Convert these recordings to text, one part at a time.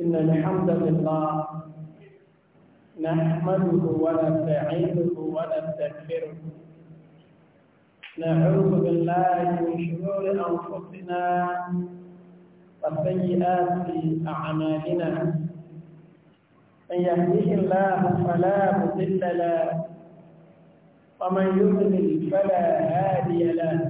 إن الحمد لله نحمده ونستعينه ونستغفره نعوذ بالله من شرور أنفسنا وسيئات أعمالنا من يهده الله فلا مضل له ومن يضلل فلا هادي له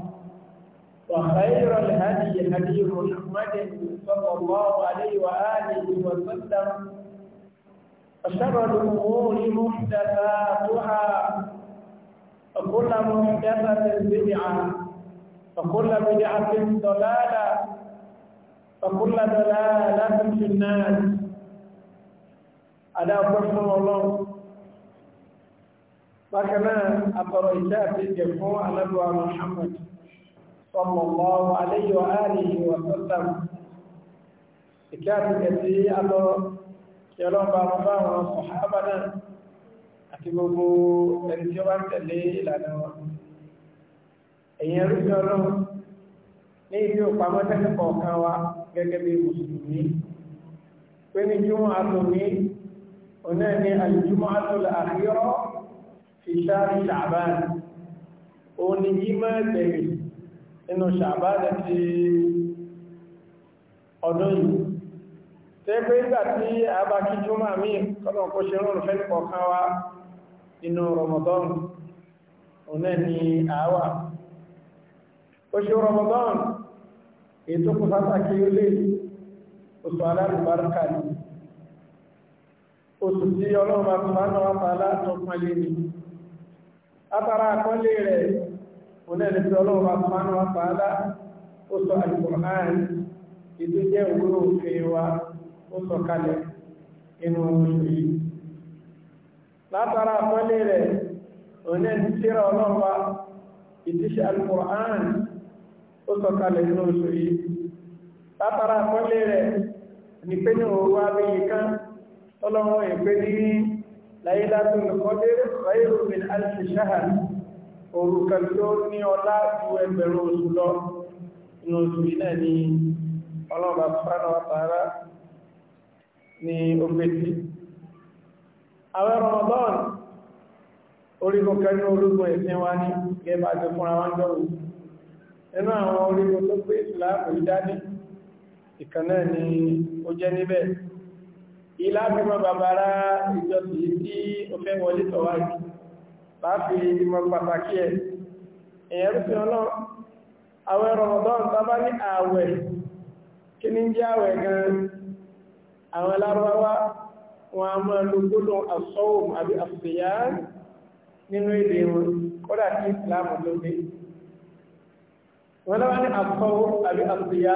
وخير الهدي هدي محمد صلى الله عليه وآله وسلم وشر الأمور محدثاتها وكل محدثة بدعة وكل بدعة ضلالة وكل ضلالة في النار على رسول الله وكما أقرأ إساءة الجفوع على محمد صلى الله عليه وآله وسلم إكاد كثير أدو يلوم بابا وصحابنا أتبوبو تنسيوان تلي لنا ẹ̀yìn ẹrúsìn ọlọ́run ní ibi òpamọ́ tẹ́lẹ̀kọ̀ kan wa gẹ́gẹ́ bí mùsùlùmí pé ní jùmọ̀ àtòmí ọ̀nà ní àjùmọ̀ àtòlà àríọ́ fi sáàrí ṣàbáàrì òun ni jímọ̀ ẹgbẹ̀rẹ̀ inú ṣàbáàdà ti ọdún yìí tẹ́ pé ìgbà tí a bá kí jùmọ́ àmì kọ́nà kó ṣe rọrùn fẹ́ kọ̀ọ̀kan wá inú Ramadan ọ̀nà ni àwà oṣù Ramadan ètò kò pàtàkì ilé oṣù alárùbárkà ní oṣù tí ọlọ́run bá tún bá náà pàálá tó pàlé ní látara àkọlé rẹ̀ onílẹ̀ tí ọlọ́run bá máa ń wá fàálà ó sọ alukur'an ìlú jẹ́ ìwúrò òfin wa ó sọ kalẹ̀ inú oṣù yìí látara àpọ́lé rẹ̀ onílẹ̀ tí ọlọ́run bá ìdíṣẹ́ alukur'an ó sọ kalẹ̀ inú oṣù yìí látara àpọ́lé rẹ̀ ní pé ní òwú abẹ́yẹ kan ọlọ́run ìpé ní láyé látún lọ́kọ́dé rẹ̀ rẹ̀ rẹ̀ rẹ̀ orúkẹ tí ó ní ọlá ju ẹgbẹ̀rún oṣù lọ inú oṣù yìí ni ọlọ́ọ̀bá fánà ọ̀tàrá ni ó gbé Ramadan orígun kẹrin ológun ẹ̀sìn wa ní gẹ́bà tó fúnra wá ń dọ̀wù nínú àwọn orígun tó gbé ìsìláàmù ìdání ni ó jẹ́ níbẹ̀ ìlàbímọ̀ bàbára ìjọsìn tí ó fẹ́ wọlé tọ̀wájú láti ìmọ̀ pàtàkì ẹ̀ èyàn rúfin ọlọ́run àwẹ̀ rọmọdọ́n tàbá ní àwẹ̀ kí ní jẹ́ àwẹ̀ gan àwọn lárọwá wọn a máa lo gbódùn asọ́wòm àbí àfìyà nínú èdè wọn kódà kí ìsìlámù ló dé wọn lọ́wọ́ ní asọ́wòm àbí àfìyà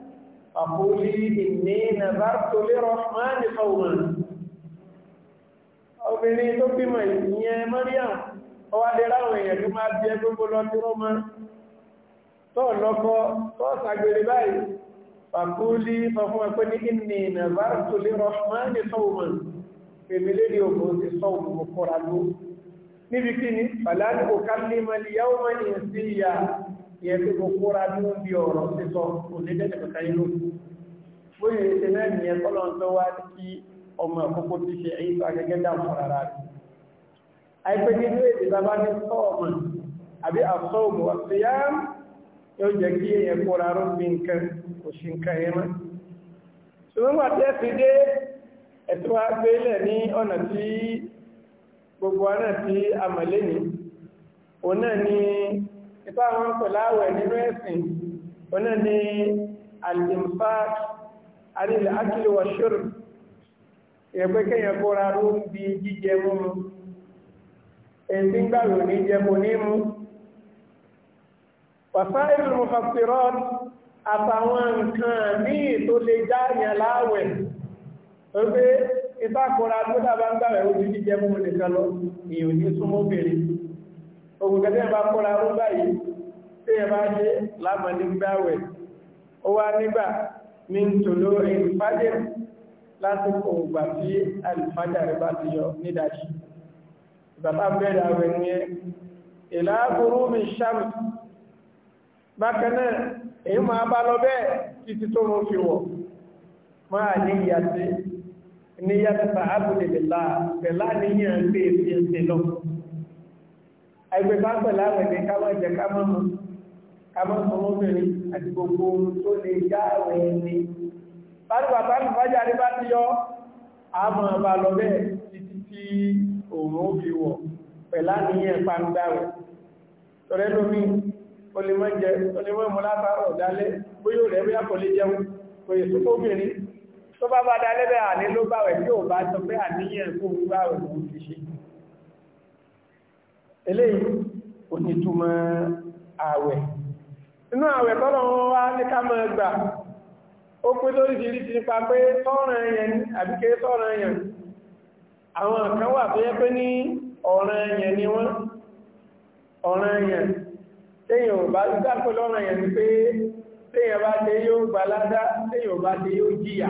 فقولي إني نذرت للرحمن قوما obìnrin tó bímọ ìyẹn Mariam ó wá lè ráwọn èèyàn tó máa bí ẹgbogbo lọ tí wọ́n máa tó lọ́kọ́ tó sàgbèrè báyìí fàkúlí fọ́fún ẹgbẹ́ ní ìní nàbárùtù lè rọ̀ṣmánì sọ́wọ́n èmì lédè ogun ti sọ́wọ́n kọ́ra ló níbi kí ni fàlánìkò kálí mọ́ yẹ pé gbogbo ra bí wọ́n bí ọ̀rọ̀ sí sọ onídẹ́dẹ̀ kọta inú wóyè ètè náà nìyẹn tọ́lọ́ tó wá kí ọmọ ẹ̀kọ́kọ́ ti ṣe èyí tó agẹ́gẹ́ dà fún ara rẹ̀ àìpé nínú èdè bàbá ní sọ́ọ̀mù àbí àsọ́ọ̀mù ọ̀sẹ̀yà yóò jẹ́ kí èyàn bí nǹkan kò sí ṣùgbọ́n wà tẹ́ fi dé ẹ̀tọ́ agbélẹ̀ ní ọ̀nà tí gbogbo ọ̀nà tí a mọ̀ lẹ́yìn òun náà ni ìpá àwọn pẹ̀láwẹ̀ nínú ẹ̀sìn oní ni al-infaq alil akli wa shurb ìyẹ̀pẹ́ kẹ́yàn kóra rú bí jíjẹ múmu èyí gbàgbò ní jẹmú nímú wàsáìlú mufassirat àtàwọn nǹkan míì tó lè jáàyàn láàwẹ̀ wípé ìtàkùnra tó dábàá ń gbàwẹ̀ ojú jíjẹ múmu nìkan lọ èyí ní súnmọ́ obìnrin ogun kẹtẹ́ bá kọ́ra rú báyìí tí ẹ bá ṣe lámàdí gbáwẹ̀ ó wá nígbà ní tòló ìfàjẹ́ lásìkò ògbà tí alìfàjà rẹ̀ bá ti yọ nídàjí ìbàbá bẹ̀rẹ̀ àwẹ̀ ní ẹ ìlàágúrú mi sàmì bákanáà èyí máa bá lọ bẹ́ẹ̀ títí tó mú fi wọ̀ máa ní ìyàtí ní yàtí sàábùlẹ̀ lẹ́lá pẹ̀lá níyàn pé èsì ẹ̀sẹ̀ lọ́pọ̀ ẹgbẹ́ bá pẹ̀lú àwọn ẹ̀dẹ̀ ká máa jẹ ká máa mú ká máa fọmọ obìnrin àti gbogbo ohun tó lè já àwẹ̀ ẹni bájúwà bájú bájú àrí bá ti yọ àmọ́ bá lọ bẹ́ẹ̀ títí tí òun ó fi wọ̀ pẹ̀lá nìyẹn pàǹdà rẹ̀ tọ̀rẹ́ lómi ó lè mọ́ jẹ ó lè mọ́ mú eléyìí ó ní túmọ̀ ààwẹ̀ inú ààwẹ̀ tọ́lọ̀ wọn wá ní ká máa gbà ó pé lóríṣiríṣi nípa pé tọ́ràn ẹ̀yẹn ní àbíkẹ́ tọ́ràn ẹ̀yẹn àwọn kan wà tó yẹ pé ní ọ̀ràn ẹ̀yẹn ni wọ́n ọ̀ràn ẹ̀yẹn téèyàn ò bá dákò lọ́ràn ẹ̀yẹn ni pé téèyàn bá ṣe yóò gbà ládá téèyàn bá ṣe yóò jìyà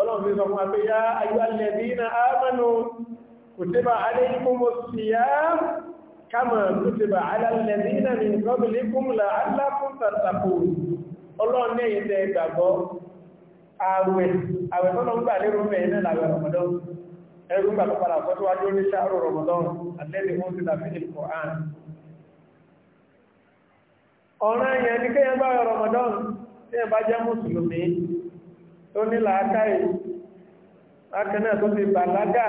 ọlọ́run sọ fún abẹ́ yá ayú alẹ́bíná ámánú kùtíbà aléìkúmọ̀ sí yá kama kùtíbà alẹ́bíná ní gọ́bìlíkún láàlákún tàtàkù ọlọ́run ní ìtẹ́ ìgbàgbọ́ ààwẹ̀ ààwẹ̀ tọ́lọ ń gbà lérò mẹ́ iná làwẹ̀ rọmọdán ẹrù ń gbàgbọ́ padà sọ́tọ́ wájú ní sáàrù rọmọdán àtẹ́lẹ̀ wọ́n ti dàbí tí ẹ bá jẹ́ mùsùlùmí tó ní làákàyè akẹ́nà tó ti bàlágà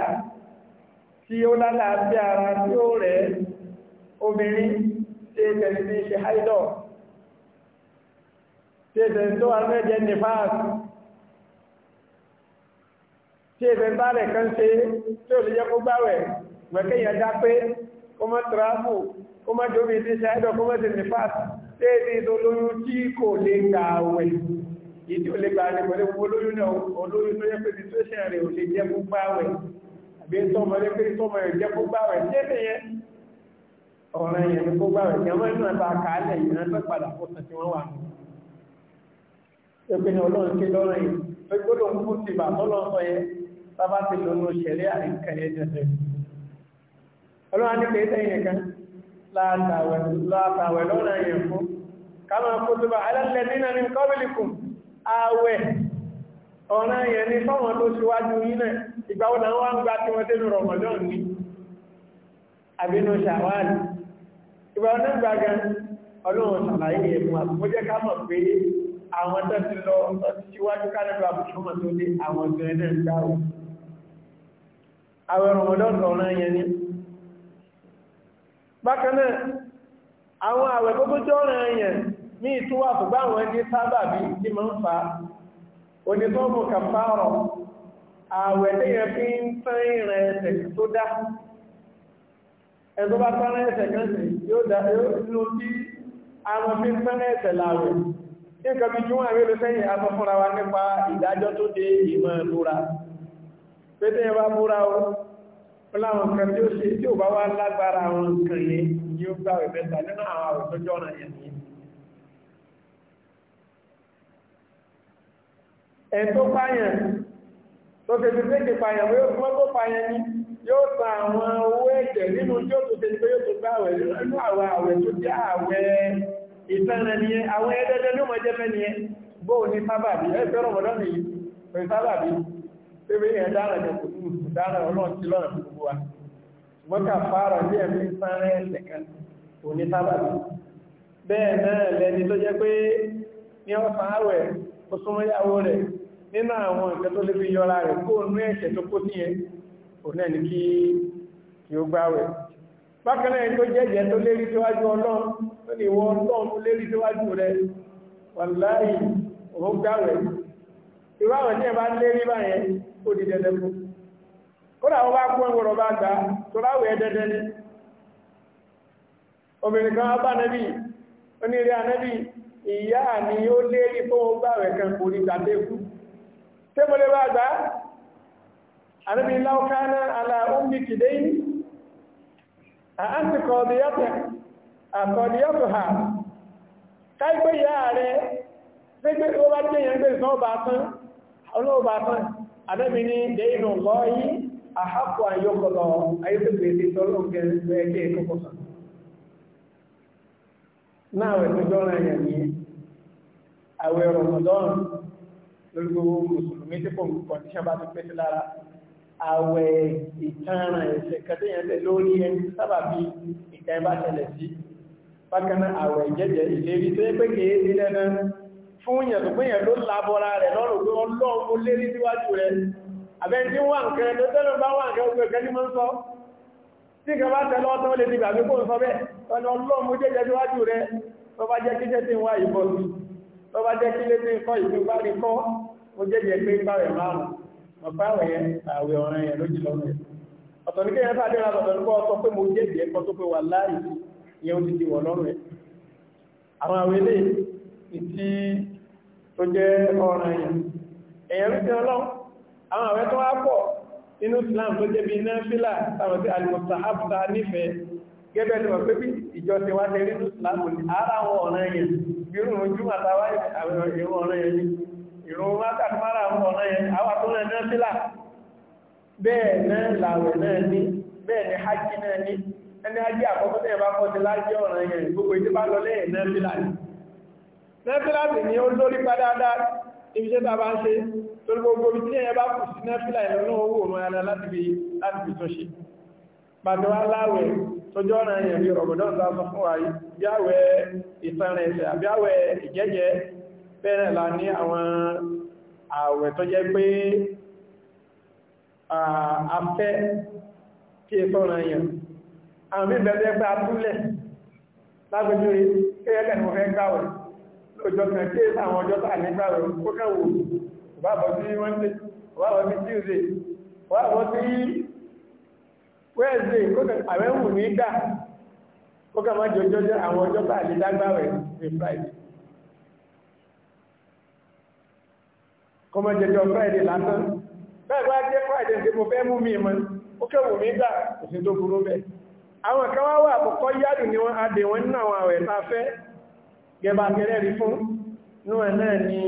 tí ó lálàáfíà ara tí ó rẹ̀ obìnrin tí ó tẹ̀lé ní ṣe haidọ̀ tí ó tẹ̀lé tó arẹ́jẹ nifas tí ó tẹ̀lé bá rẹ̀ kan ṣe tí ó lè yẹ kó gbáwẹ̀ mẹ́kẹ́yàn dá pé kó mọ́ tìráfù kó mọ́ jóbi tí ṣe haidọ̀ kó mọ́ ti nifas tí ó lóyún tí kò lè gbàwẹ̀ ìdí ò lè gba rẹ̀ pẹ̀lú olóyún náà olóyún tó yẹ pé situation rẹ̀ ò lè jẹ́ gbogbo àwẹ̀ àbí tọ́mọ lé pé tọ́mọ rẹ̀ jẹ́ gbogbo àwẹ̀ tí ẹ̀fẹ̀ yẹn ọ̀rọ̀ yẹn ní gbogbo àwẹ̀ tí ọmọ náà bá kàálẹ̀ yìí náà padà fọ́sàn tí wọ́n wà ní ẹgbẹ́ ni ọlọ́run ké lọ́rọ̀ yìí pé gbọ́dọ̀ ń fún ti bà tọ́lọ́sọ yẹ bábá ti lọ ní òṣèré àìkàn yẹn jẹsẹ̀ ọlọ́run ní kéé sẹ́yìn kan látàwẹ̀ lọ́rọ̀ yẹn fún káwọn kó tó bá alẹ́ lẹ́dínà ní kọ́bìlì ààwẹ̀ ọ̀ràn yẹn ni fọ́wọ́n tó ṣíwájú yìí náà ìgbà wọ́n ń gbá tí wọ́n tẹ́lú rọ̀mọ̀dán ní àbínú ṣàwárí ìgbà wọ́n gbága ọlọ́run sàlàyé ẹ̀fún jẹ́ ká mọ̀ pé àwọn lọ ní ìtúwà ṣùgbọ́n àwọn ẹni sábà bí ní ma ń fa òní tó mú kàfàárọ̀ ààwẹ̀ tí yẹn fi ń tán ìrìn ẹsẹ̀ tó dá ẹ̀tọ́ bá tán ẹsẹ̀ kẹsì yóò dá inú tí àwọn fi ń tán ẹsẹ̀ láàwẹ̀ nǹkan bí jùmọ̀ àwẹ́ ló o láwọn nǹkan tí ó ṣe tí ò bá wá lágbára àwọn nǹkan yẹn ni mẹ́ta nínú àwọn àwẹ̀ tó jọ́ràn yẹn ẹ̀tọ́ pààyàn tó tẹ̀sí méjì pààyàn wọ́n fún ọkọ̀ pààyàn ní yóò sa àwọn owó ẹ̀jẹ̀ nínú tí ó tó tẹ̀sí pé yóò tó gbá àwẹ̀ nínú àwẹ̀ àwẹ̀ tó jẹ́ àwẹ̀ ìtẹ́rẹ̀ ni àwọn ẹ̀ẹ́dẹ́dẹ́ ló mọ̀ jẹ́ fẹ́ ni ẹ bóò ní sábàbí ẹ̀fẹ́ rọ̀mọ̀dọ́nà yìí pẹ̀lú sábàbí pẹ̀lú ìyẹn dára jẹ́ kò tún dára ọlọ́run ti lọ́rọ̀ gbogbo wa ṣùgbọ́n ká fara bí ẹ̀mí sáré ẹ̀sẹ̀ kan kò ní sábàbí bẹ́ẹ̀ náà lẹni tó jẹ́ pé ní ọ̀sán àwẹ̀ ó ìyàwó rẹ̀ nínú àwọn nǹkan tó lè fi yọra rẹ̀ kó nú ẹ̀ṣẹ̀ tó kó níyẹn òun ẹni kí kí ó gbáwẹ̀ bákan náà tó jẹ́jẹ́ tó lérí síwájú ọlọ́run tó lè wọ ọlọ́run tó lérí síwájú rẹ̀ wàláì òun gbáwẹ̀ irú àwọn tí ẹ bá lérí báyẹn ó di dẹdẹ fún kódà wọn bá kú ẹgbọrọ kan kò ní gbàdékù sai mu ba ga annabi law kana ala ummiki a anti qadiyata a kai ko ya re ko o ba je yan be so ba tan olo ba tan annabi ni daynu llahi ahaqqu an yuqda ayi be ti tolo ke be ke ko ko san na we awe lórí gbogbo mùsùlùmí tí kòmù kọ̀díṣà bá ti pẹ́sí lára àwẹ̀ ìtanràn ẹ̀ṣẹ̀ kẹtẹ́yẹnlẹ̀ lórí ẹni sábà bí ìkà ẹbá tẹ̀lẹ̀ sí bákaná àwẹ̀ jẹ́jẹ́ ìlérí tó yẹ pé kèé sí lẹ́nà fún yẹ̀tù pé yẹ̀ ló labọ́ra rẹ̀ lọ́rùn pé wọ́n lọ́ mú lérí síwájú rẹ̀ àbẹ́ni tí wà nǹkan tó tẹ́lẹ̀ bá wà nǹkan ogun ẹ̀kẹ́ ní mọ́ ń sọ tí kan bá tẹ́lẹ̀ ọ́tọ́ jẹ́ kíjẹ́ tí ń wá tó bá jẹ́ kílé tí ń kọ́ ìgbìngbárí kọ́ ó jẹ́jẹ́ pé báwẹ̀ márùn-ún ọ̀báwẹ̀ àwẹ̀ ọ̀rẹ́ yẹn ló jùlọ rẹ̀ ọ̀tọ̀ ní kéyàn bá dẹ́ra ọ̀tọ̀ nípa ọ̀tọ̀ pé mo jẹ́jẹ́ ẹ̀kọ́ tó pé wà láàyè yẹn ó ti di wọ̀ lọ́rùn ẹ̀ àwọn àwẹ̀ Islam tó jẹ́ bí náfílà táwọn sí alìmọ̀tàhábùtà nífẹ̀ẹ́ gẹ́gẹ́ tí wọ́n pé bí ìjọ ti wá tẹ̀rí nínú Islam ara àwọn ọ̀rẹ́ yẹn bí irú ojú àtàwà àwọn ọ̀rẹ́ yẹn ìrún látàkì mara àwọn ọ̀nà yẹn àwọn àtúnlẹ̀ náà sílà bẹ́ẹ̀ náà náà ní bẹ́ẹ̀ ni hajj náà ní ẹni hajj àkọ́kọ́ tẹ́yẹ bá kọ́ ti lájí ọ̀nà yẹn gbogbo ìdí bá lọ lẹ́yìn náà sílà ní náà sílà sì ní ó lórí padàdá ibi tẹ́ta bá ń ṣe torí gbogbo ibi tí ẹ̀yẹ bá kù sí náà sílà ìlú náà owó ọmọ ọ̀nà yẹn bí ọ̀gọ̀dọ̀ ń sá sọ bí àwẹ̀ ìsanrẹ̀ àbí àwẹ̀ ìjẹ́jẹ́ bẹ́rẹ̀ la ní àwọn ààwẹ̀ tó jẹ́ pé afẹ́ tí è sọ́rọ̀ èèyàn àwọn bí bẹ̀rẹ̀ pé atúlẹ̀ lágbẹ̀júrí kéèkẹ́ ni mo fẹ́ gbáwẹ̀ lóòjọ́ kan kí àwọn ọjọ́ tàà ní gbáwẹ̀ ó kẹwò wàbọ̀ sí Wednesday wàbọ̀ sí Tuesday wàbọ̀ sí Wednesday àwẹ́wù ní gbà ó kẹwàá jọjọ́ jẹ́ àwọn ọjọ́ tàà ní dágbàwẹ̀ ní Friday kọmọ jẹjọ friday lásán bẹ́ẹ̀ bá jẹ́ friday tí mo fẹ́ mú mi mọ́ ó kẹwò mí gbà òfin tó burú bẹ́ẹ̀ àwọn kan wá wà àkọ́kọ́ yádùn ni wọ́n adè wọn nínú àwọn àwẹ̀ tá fẹ́ gẹba gẹ́rẹ́ rí fún ní ẹ̀ náà ni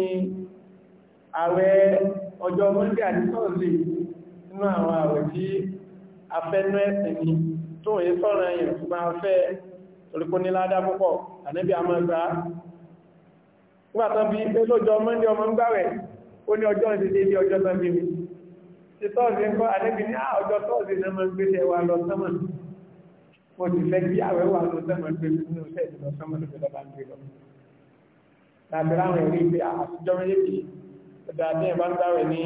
àwẹ̀ ọjọ́ monday àti sunday nínú àwọn àwẹ̀ tí a fẹ́ ní ẹ̀sìn ni tó yí sọ́rọ̀ ó ní ọjọ́ ìdíje ní ọjọ́ tán bí mi ti tọ́ọ̀sì ń kọ́ àdébì ní ah, ọjọ́ tọ́ọ̀sì náà máa ń gbé tẹ́ wa lọ sọ́mọ̀ mo ti fẹ́ kí àwẹ̀ wà lọ sọ́mọ̀ gbé nínú iṣẹ́ ìlọ sọ́mọ̀ tó fi lọ́ba ń gbé lọ. tàbí láwọn èrí pé ah, àtijọ́ méjèèjì ọ̀dà àti ẹ̀bá ń gbáwẹ̀ ní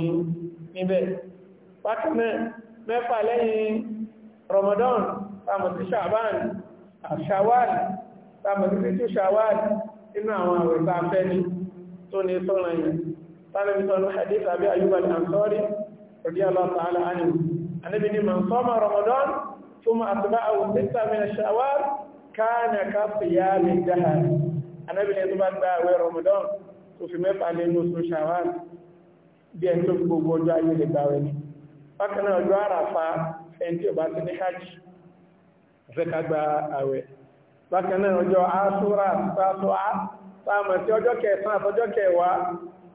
níbẹ̀. bákan náà mẹ́fà àwọn àwẹ̀ tá ni tó ní sọ́ràn yìí tánà bí sọ́nà hadith àbí ayúbà al-ansari radiyallahu ta'ala anhu anábi ni man sọ́mà ramadan thumma atba'ahu sitta min ash-shawwal kana ka siyami dahar anábi ni tó bá gba àwẹ̀ ramadan tó fi mẹ́fà nínú oṣù shawwal bí ẹni tó fi gbogbo ọjọ́ ayé lè gbàwẹ̀ ni bákan náà ọjọ́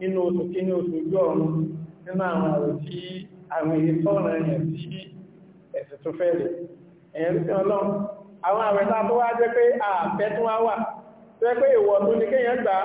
nínú oṣù kí ní oṣù ojú ọ̀run nínú àwọn àrò tí àwọn èyí tọ́rọ ẹ̀yàn tí ẹ̀sẹ̀ tó fẹ́ rẹ̀ ẹ̀yẹn tí ọlọ́run àwọn àwẹ̀ta tó wá jẹ́ pé ààfẹ́ tún wá wà tó jẹ́ pé ìwọ̀ tó ní kéèyàn gbà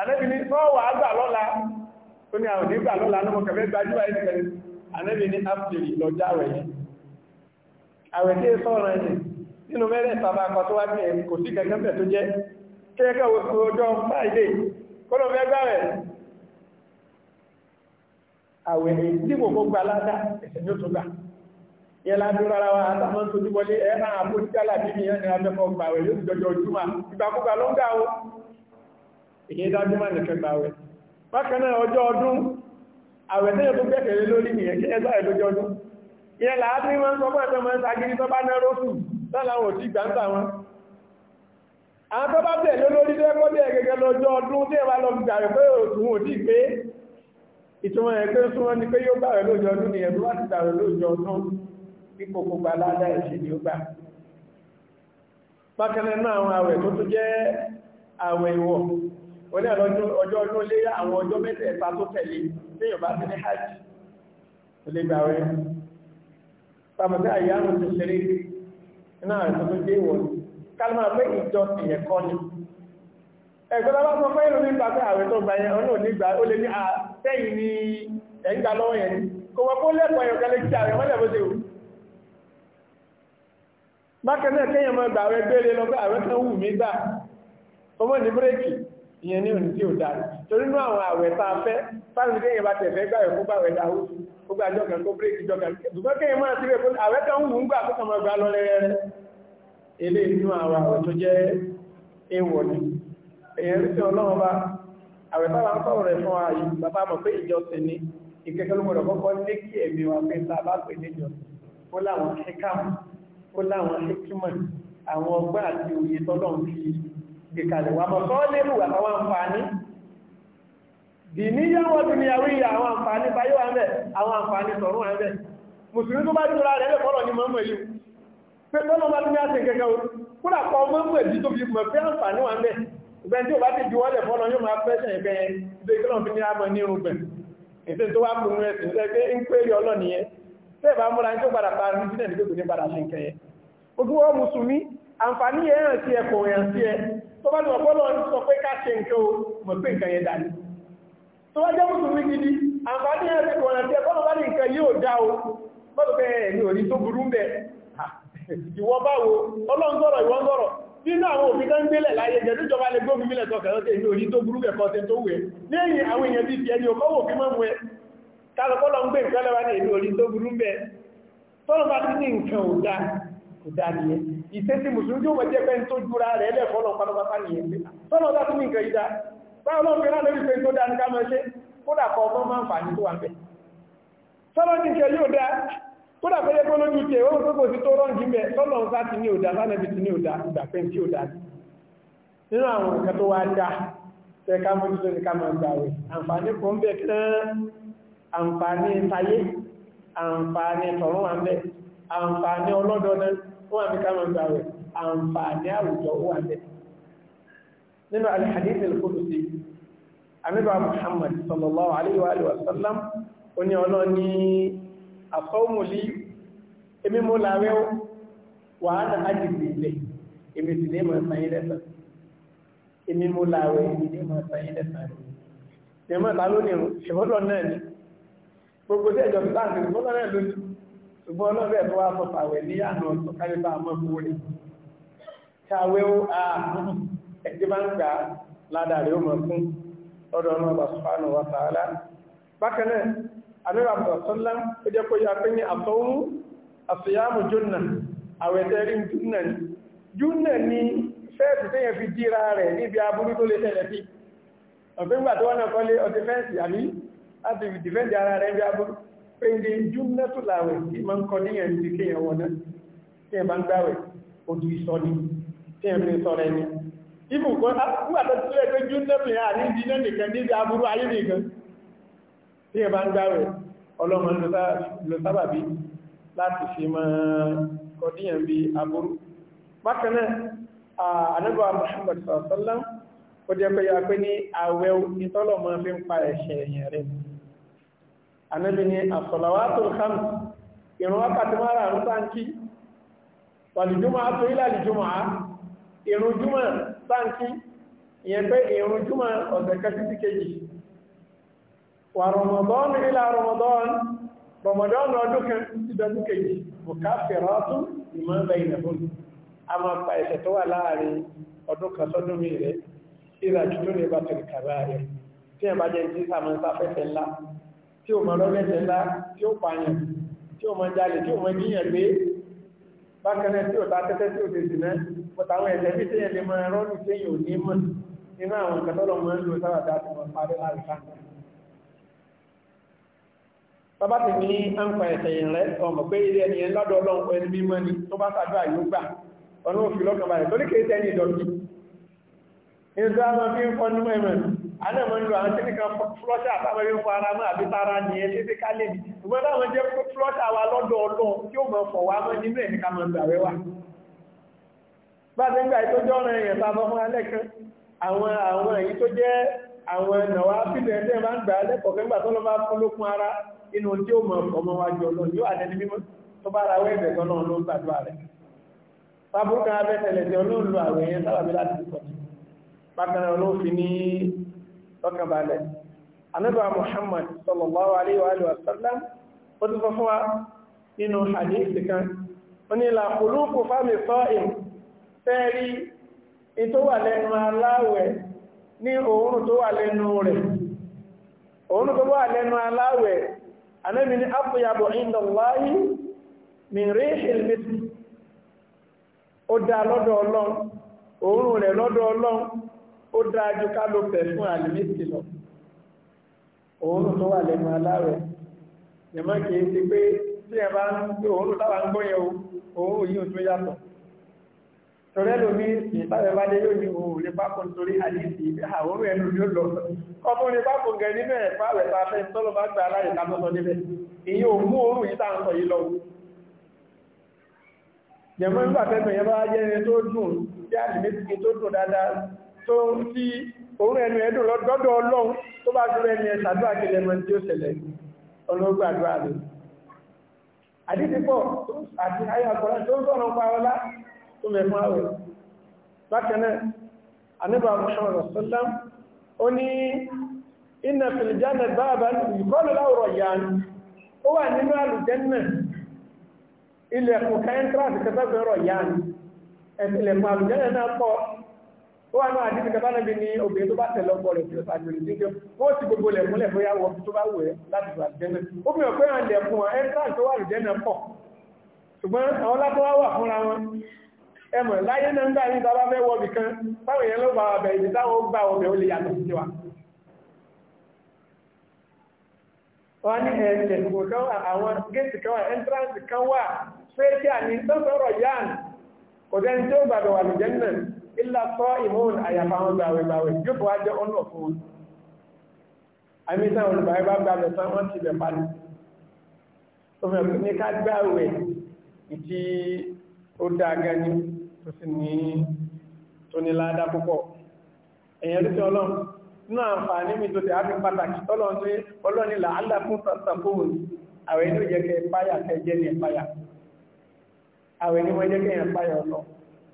Ànábì ní sọ́wà àgbà lọ́la, ó ní àwọn ìgbà lọ́la ní mọ̀kànlẹ́ gbajúwà ìsìnkẹ̀lẹ́. Ànábì ní ápùtìrì lọ́jọ́ àwẹ̀ yìí. Àwẹ̀ tí sọ́rọ̀ ẹni nínú mẹ́rẹ̀ sábà kan tó wá ní ẹ̀ kò sí kẹ̀kẹ́ mẹ́ tó jẹ́ kẹ́kẹ́ ọjọ́ Friday, kọ́lọ mẹ́gbà rẹ̀. Àwẹ̀ ìdíbò kó gba ládá ẹ̀sẹ̀ ní ó tó gbà. Yẹ́lá dúró ara wa àtàmọ́ tó dúbọ́lé ẹ̀rán èyí dájúmọ̀ nìkan gbà wẹ̀ bákanáà ọjọ́ ọdún àwẹ̀ tẹ́yẹ tó gbẹ́kẹ̀lé lórí nìyẹn kí ẹgbà ẹ̀lójọ́ ọdún ìyẹn làátí wọ́n sọ mọ́ ẹ̀fẹ́ mọ́ ṣagiri tó bá náà rósù láláwọ̀ tí gbáǹtà wọn àwọn tó bá tẹ̀lé lórí lẹ́kọ́ bí ẹgẹgẹ lọ́jọ́ ọdún tí ẹwà lọ gbà rẹ̀ pé òtún ni pé yóò gbà rẹ̀ tó ni ó gbà bákan náà àwọn àwẹ̀ tó tún jẹ́ àwẹ̀ ìwọ̀ oní ọjọ́ ọdún lé àwọn ọjọ́ mẹ́tẹ̀ẹ̀ta tó tẹ̀lé léyàn bá ti ní hajj tó lè gbà rẹ̀ pàmọ̀tí àyà àrùn ti ṣeré iná rẹ̀ tó gbé wọ̀n kálmà pé ìjọ tìyẹ̀ kọ́ ni ẹ̀kọ́ tó bá sọ pé ìrùn nípa pé ààrẹ tó gbà yẹn ọ̀nà onígbà ó lè ní àtẹ́yìn ní ẹ̀ńgbà lọ́wọ́ yẹn kò wọ́n kó lẹ́kọ̀ọ́ yọ̀ kẹlẹ́ kí ààrẹ mọ́lẹ̀ bó ṣe wù bákan náà kéèyàn mọ́ gbà ààrẹ gbélé lọ pé ààrẹ kan wù mí gbà ọmọ ní ìyẹn ní òní tí ò dáa torí inú àwọn àwẹ̀ tá a fẹ́ fáwọn kéèyàn bá tẹ̀fẹ́ gbàwẹ̀ fún gbàwẹ̀ dáwó ó gba àjọ kan kó bírèkì jọ kan ṣùgbọ́n kéèyàn máa sí pé àwẹ̀ kan wù ń gbà tó kàn máa gbà lọ rẹ́rẹ́ ilé inú àwọn àwẹ̀ tó jẹ́ èèwọ̀ ni èèyàn rí sí ọlọ́run bá àwẹ̀ táwa ń sọ̀rọ̀ rẹ̀ fún wa yìí bàbá mọ̀ pé ìjọsìn ni ìkẹ́kẹ́ ló gbọ́dọ̀ kọ́kọ́ ní a bá pè níjọ ó láwọn ṣíkàmù fi gbèkalẹ̀ wà mọ̀ sọ́ lérù àtàwọn àǹfààní dìníyàwó ti ní àwọn ìyà àwọn àǹfààní báyé wà mẹ́ àwọn àǹfààní sọ̀rún wà mẹ́ mùsùlùmí tó bá jùlọ rẹ̀ lẹ́kọ́lọ̀ ní mọ́mọ̀ yìí pé tọ́lọ́ bá tún ní àti kẹ́kẹ́ kúrà kọ mọ́mọ̀ èdè tó fi mọ̀ pé àǹfààní wà mẹ́ ìgbẹ́ tí ó bá ti ju wọ́lẹ̀ fọ́lọ́ yóò máa fẹ́ ṣẹ̀ ẹ̀kẹ́ yẹn tó ìkọ́lọ̀ fi ní àmọ́ ní irúgbẹ̀ ètò tó wá mú rẹ̀ tún sẹ́gbẹ́ ń pé rí ọlọ́ nìyẹn tẹ́ ìbá múra tó padà pa ní sílẹ̀ nígbèkùn ní padà ṣe ń kẹ́yẹ ogun wọn mùsùlùmí àǹfààní yẹn hàn sí ẹkùn yẹn ẹ tó bá ní ọ̀pọ̀lọ́ ń sọ pé ká ṣe nǹkan o mọ̀ pé nǹkan yẹn dání tó bá jẹ́ mùsùlùmí gidi àǹfààní yẹn ti kọ̀ọ̀nà tí ẹ̀kọ́ bá ní nǹkan yóò dá o mọ́tò pé ẹ̀mí ò ní tó burú ń bẹ̀ ìwọ báwo ọlọ́ńsọ̀rọ̀ ìwọ ń sọ̀rọ̀ nínú àwọn òfin tán gbélẹ̀ láyé jẹ́ lè mílẹ̀ orí tó burú tó lẹ́yìn àwọn èèyàn bí ẹni mọ́mú kò dá nìyẹn ìṣesí mùsùlùmí yóò wọ́n jẹ́ pé ń tó jura rẹ̀ ẹlẹ́ fọ́lọ̀ pátápátá nìyẹn sọ́nà ọ̀dá tún ní nǹkan ìdá báwọn ọlọ́run fi ránà wípé tó dá ní ká máa ṣe kódà kọ ọmọ máa ń fà ní tó wà bẹ̀ sọ́nà ní nǹkan yóò dá kódà pé lẹ́gbọ́n lójú tiẹ̀ wọ́n tó kò sí tó rọ́ǹjì mẹ́ sọ́nà ọ̀sá ti ní òdá sánà ti ní òdá ìgbà pé tí ó dá nínú àwọn nǹkan tó wá dá tẹ ká mú tó ní ká máa gbà rẹ̀ àǹfààní kan bẹ̀ kan àǹfààní tayé àǹfààní tọ̀rún wa bẹ́ẹ̀ àǹfààní ọlọ́dọọdún wọ́n àmì ká máa ń gbàwẹ̀ àǹfààní àwùjọ wà lẹ́ nínú alhadith al amíbà muhammad sallallahu alaihi wa alihi wa sallam ó ní ọlọ́ ní asọ́mùlí èmi mo láwẹ́ wà á náà jìbì ilẹ̀ sì lè máa sàn ilẹ̀ sàn èmi mo láwẹ́ èmi lè máa sàn ilẹ̀ ni gbogbo sí ẹjọ́ tó láàrín gbogbo náà ṣùgbọ́n ọlọ́rẹ̀ tó wá sọ pàwẹ̀ ní àná tó kárí bá mọ́ fún orí ṣàwẹ́ ó ààrùn ẹ̀jẹ́ bá ń gbà ládàrí ó mọ̀ fún ọdọ̀ ọmọ bàṣùfánà wà sàárá bákanẹ̀ àmìrà bàṣọ́lá ó jẹ́ kó yá pé ní àtọ́wú àṣìyàmù jùnà àwẹ̀tẹ́rí jùnà ni jùnà ni fẹ́ẹ̀sì tẹ́yẹ fi díra rẹ̀ níbi aburú tó lè tẹ̀lẹ̀ sí ọ̀gbẹ́ngbà tó wọ́n náà kọ́lé ọtí fẹ́ẹ̀sì àbí láti dìfẹ́ǹdì ara rẹ̀ níbi a Pende jumla láwẹ̀ tí ma ń kọ ní ẹ̀rí ti kéèyàn wọ̀ná tí ẹ bá ń gbáwẹ̀ ojú ìsọ ni tí ẹ fi sọ rẹ̀ ni ibù kan púpàtà tí ó ẹgbẹ́ jùmọ́tò yà ní ìdí náà nìkan ní aburú ayé nìkan tí ẹ bá ń gbáwẹ̀ ọlọ́mọ lọ sábàbí láti fi ma kọ níyàn bí aburú bákan náà ànábì Muhammad sallallahu alaihi wasallam ó jẹ́ pé yà pé ní àwẹ̀ ìtọ́lọ̀ máa fi pa ẹ̀ṣẹ̀ ẹ̀yìn rẹ̀ anábi ni as-salawatul khams ìrun wákàtí mara àrùn sáńkí wàlìjúmọ̀ àtò ìlàlìjúmọ̀ á ìrun júmọ̀ sáńkí ìyẹn pé ìrun júmọ̀ ọ̀sẹ̀ kẹsìtì kejì wà Ramadan ila Ramadan Ramadan ọdún kan ti dọ́dún kejì mukaffiratun lima bainahun a máa pa ẹ̀ṣẹ̀ tó wà láàrin ọdún kan sọ́dún mi rẹ̀ ìràjú tó lè bá tẹ̀lé kàbáyé tí ẹ̀ bá jẹ́ ti sàmọ́sáfẹ́fẹ́ ńlá tí ó ma lọ́lẹ́sẹ̀ ńlá tí ó pààyàn tí ó ma jalè tí ó ma jíyàn gbé bákanáà tí ó ta tẹ́tẹ́ tí ó ti sìnà pọ̀tà àwọn ẹ̀sẹ̀ bí tẹ́yẹ̀ lè máa rọ́ọ̀lù tẹ́yìn ò ní mọ̀ nínú àwọn ìkàtọ́lọ̀ mọ́ ń lò sábàdá tó mọ̀ parí láàrín bàbá ti ní àǹfà ẹ̀sẹ̀ yìí rẹ̀ ọmọ pé ilé ẹni yẹn lọ́dọ̀ ọlọ́run ẹni ni tó bá sàdúrà yóò gbà ọlọ́run fi lọ́kàn balẹ̀ torí kéèké ẹni ìdọ̀tí nítorí àwọn fi anáàmọ́ ń lo àwọn tí nìkan flọ́ṣà àtàwọn yóò fọ ara mọ́ àbí tara ní ẹ títí ká lè ní ṣùgbọ́n táwọn jẹ́ flọ́ṣà wa lọ́dọ̀ ọlọ́run tí ó mọ̀ fọ̀ wá mọ́ nínú ẹ̀ ní ká mọ̀ gbà wẹ́wà bá ti ń gbà tó jọ́ ọ̀rọ̀ èèyàn tàbọ̀ fún alẹ́kan àwọn àwọn èyí tó jẹ́ àwọn ẹ̀nàwà pílẹ̀ ẹ̀dẹ́ máa ń gbà lẹ́kọ̀ọ́kẹ́ ńgbà tó lọ bá fún lókun ara inú tí ó mọ̀ ọmọ wájú ọlọ́run yóò àdẹni mímọ́ tó fábúrúkà abẹ́tẹ̀lẹ̀ tí ọlọ́run lo àwẹ̀ yẹn sábàbí láti sọ̀tún bákan náà fi ní lọ́kàn balẹ̀ anábà muhammad sallallahu alaihi wa sallam ó ti sọ fún wa nínú hadithi kan ó ní la khuluqu fami sa'im fẹ́ẹ̀rí ìtó wà lẹ́nu aláwẹ̀ ní òórùn tó wà lẹ́nu rẹ̀ òórùn tó wà lẹ́nu aláwẹ̀ anábì ní atyabu inda Allahi ó dájú ká ló pẹ̀ fún àlùmísì lọ òórùn tó wà lẹ́nu aláwẹ̀ ìmọ̀ kìí ti pé tí ẹ bá ń gbé ń yàtọ̀ torí ẹlòmí bá dé yóò ní òórùn lè pápọ̀ nítorí àdìsí àwọn ẹnu yóò lọ ọdún lè pápọ̀ gẹ̀ nínú ẹ̀ fáwẹ̀ tá a bá níbẹ̀ ò mú yìí ń sọ tó ń tí òun ẹnu ẹ̀dùn lọ́dọ̀ ọlọ́run tó bá tó rẹni ẹ̀sàdúrà kìlẹ̀ mọ́ tí ó ṣẹlẹ̀ ọlọ́gbàdúrà rẹ̀ àdídìpọ̀ àti ayàkọ̀ọ́lá tó ń sọ̀rọ̀ pa ọlá tó mẹ́fún àwẹ̀ bákanáà anábà mọ́ṣọ́rọ̀ sọ́lá ó ní iná fìlìjánà báàbá ìkọlù láwùrọ̀ yánu ó wà nínú àlùjẹ́nà ilẹ̀ kùkà ẹ́ntráàtì kẹtàbẹ̀rọ̀ yánu ẹ̀sìlẹ̀kùn àlùjẹ́nà náà pọ̀ ó wà náà àdíjì kẹta náà bí ní obìnrin tó bá tẹ̀lé ọkọ rẹ̀ sílẹ̀ àjòyìn tí wọ́n ti gbogbo lẹ̀ múlẹ̀ bóyá wọ́n tó bá wù ẹ́ láti gbà jẹ́nà ó fi hàn pé hàn lẹ̀ fún wọn entrance tó wà lù jẹ́nà pọ̀ ṣùgbọ́n àwọn lápọ́wá wà fúnra wọn ẹmọ̀ láyé náà ń gbà yín bàbá fẹ́ wọbì kan táwọn èèyàn ló bá ọbẹ̀ ìdí táwọn ó gbà ọbẹ̀ ó lè yàtọ̀ sí wa wọ́n ní ẹ̀ẹ̀lẹ̀ kan wà àwọn géètì kan wà entrance kan wà fẹ́ẹ́ kí à ní sọ́sọ́rọ̀ yàn kò tẹ́ni tí ó gbàdọ̀ wà lù jẹ́nà ilá tọ́ ìhún àyàfà wọn gbàwẹ̀ gbàwẹ̀ yóò bọ́ ajẹ́ ọ̀nà fún wọn àmìsàn olùgbàwẹ̀ bá gbàwẹ̀ sán wọ́n ti bẹ̀ pálí tó fẹ́ ní ká gbàwẹ̀ ìtí ó dáa gani tó sì ní tó ní ládá púpọ̀ èèyàn ló ti ọlọ́run nínú àǹfààní mi tó ti á fi pàtàkì tọ́lọ́run tí ọlọ́run ilà alákún sàtàkùn àwẹ̀ ní ó jẹ́ kẹ́ páyà kẹ́ jẹ́ ní páyà àwẹ̀ ní wọ́n jẹ́ kẹ́ yẹn páyà ọlọ́run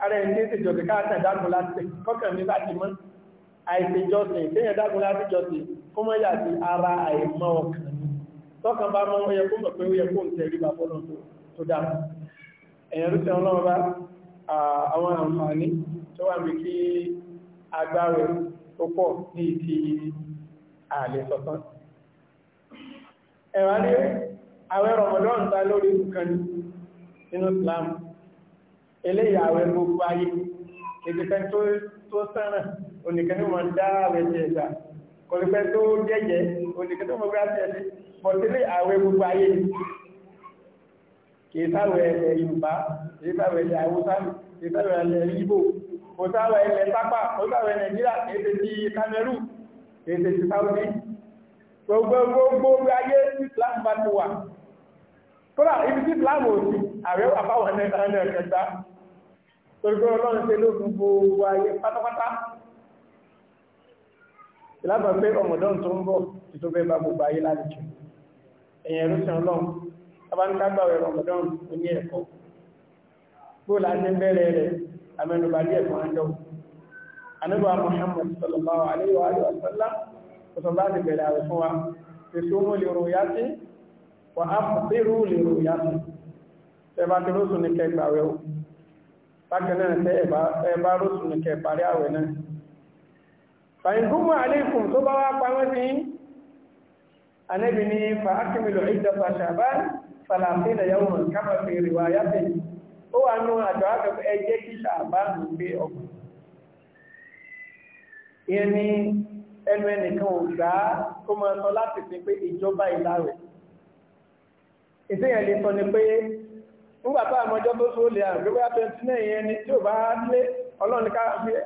ara ẹni tẹ́jọsìn káàtà dágún láti kọ́kàn ní láti mọ́ àìsẹjọsìn tẹ́yẹ dágún láti jọsìn kó mọ́ yà sí ara àìmọ́ ọkàn ní tọ́kàn bá mọ́ ó yẹ kó mọ̀ pé ó yẹ kó ń tẹ̀rí bá fọ́nà tó dá ẹ̀yẹn rúṣẹ́ ọlọ́run bá àwọn àǹfààní tó wà ní kí agbáwẹ̀ tó pọ̀ ní ti ààlè sọ̀tán ẹ̀wà ní àwẹ̀ Ramadan ta lórí nǹkan nínú eléyàwó gbogbo ayé ìgbẹ̀fẹ́ tó sẹ́ràn oníkẹ́ ní wọ́n dá rẹ̀ jẹ́ ìgbà kọlùfẹ́ tó jẹ́jẹ́ oníkẹ́ tó mọ̀gbá tẹ́lẹ̀ pọ̀tílé àwẹ́ gbogbo ayé kìí sáwẹ̀ ilẹ̀ Yorùbá kìí sáwẹ̀ ilẹ̀ Haúsá kìí sáwẹ̀ ilẹ̀ Ìgbò kò sáwẹ̀ ilẹ̀ pápá kò sáwẹ̀ Nàìjíríà kìí ti Kamẹrù kìí bá kódà ibi tí ìsìláàmù òsì ààrẹ wà fáwọn ẹ̀nà ẹ̀kẹta torípé ọlọ́run ṣe ló fún gbogbo ayé pátápátá ìlàbà pé ọmọdán tó ń bọ̀ tí tó fẹ́ bá gbogbo ayé lálejò èèyàn ló ṣe ọlọ́run abánikágbà rẹ̀ ọmọdán oní ẹ̀kọ́ bóòlù Muhammad sallallahu alaihi wa sallam ọ̀sán bá ti bẹ̀rẹ̀ àwẹ̀ fún wa wà á fún bírú lè rò yàtọ̀ tẹ bá ti rósùn ní kẹgbà rẹ o bákan náà tẹ ẹ bá rósùn ní kẹparí àwẹ̀ náà fàyíngúnmọ̀ àlékùn tó bá wá pamọ́ sí anẹ́bì ní fàákìmìlò ìjọba ṣàbán fàlàfínà ni ẹnu ẹnìkan ò ìsẹ́yìn lè sọ ni pé nígbàtá àmọ́jọ́ tó só lè àrùn gbogbo àtẹ́ntì náà yẹn ni tí ó bá lé ọlọ́run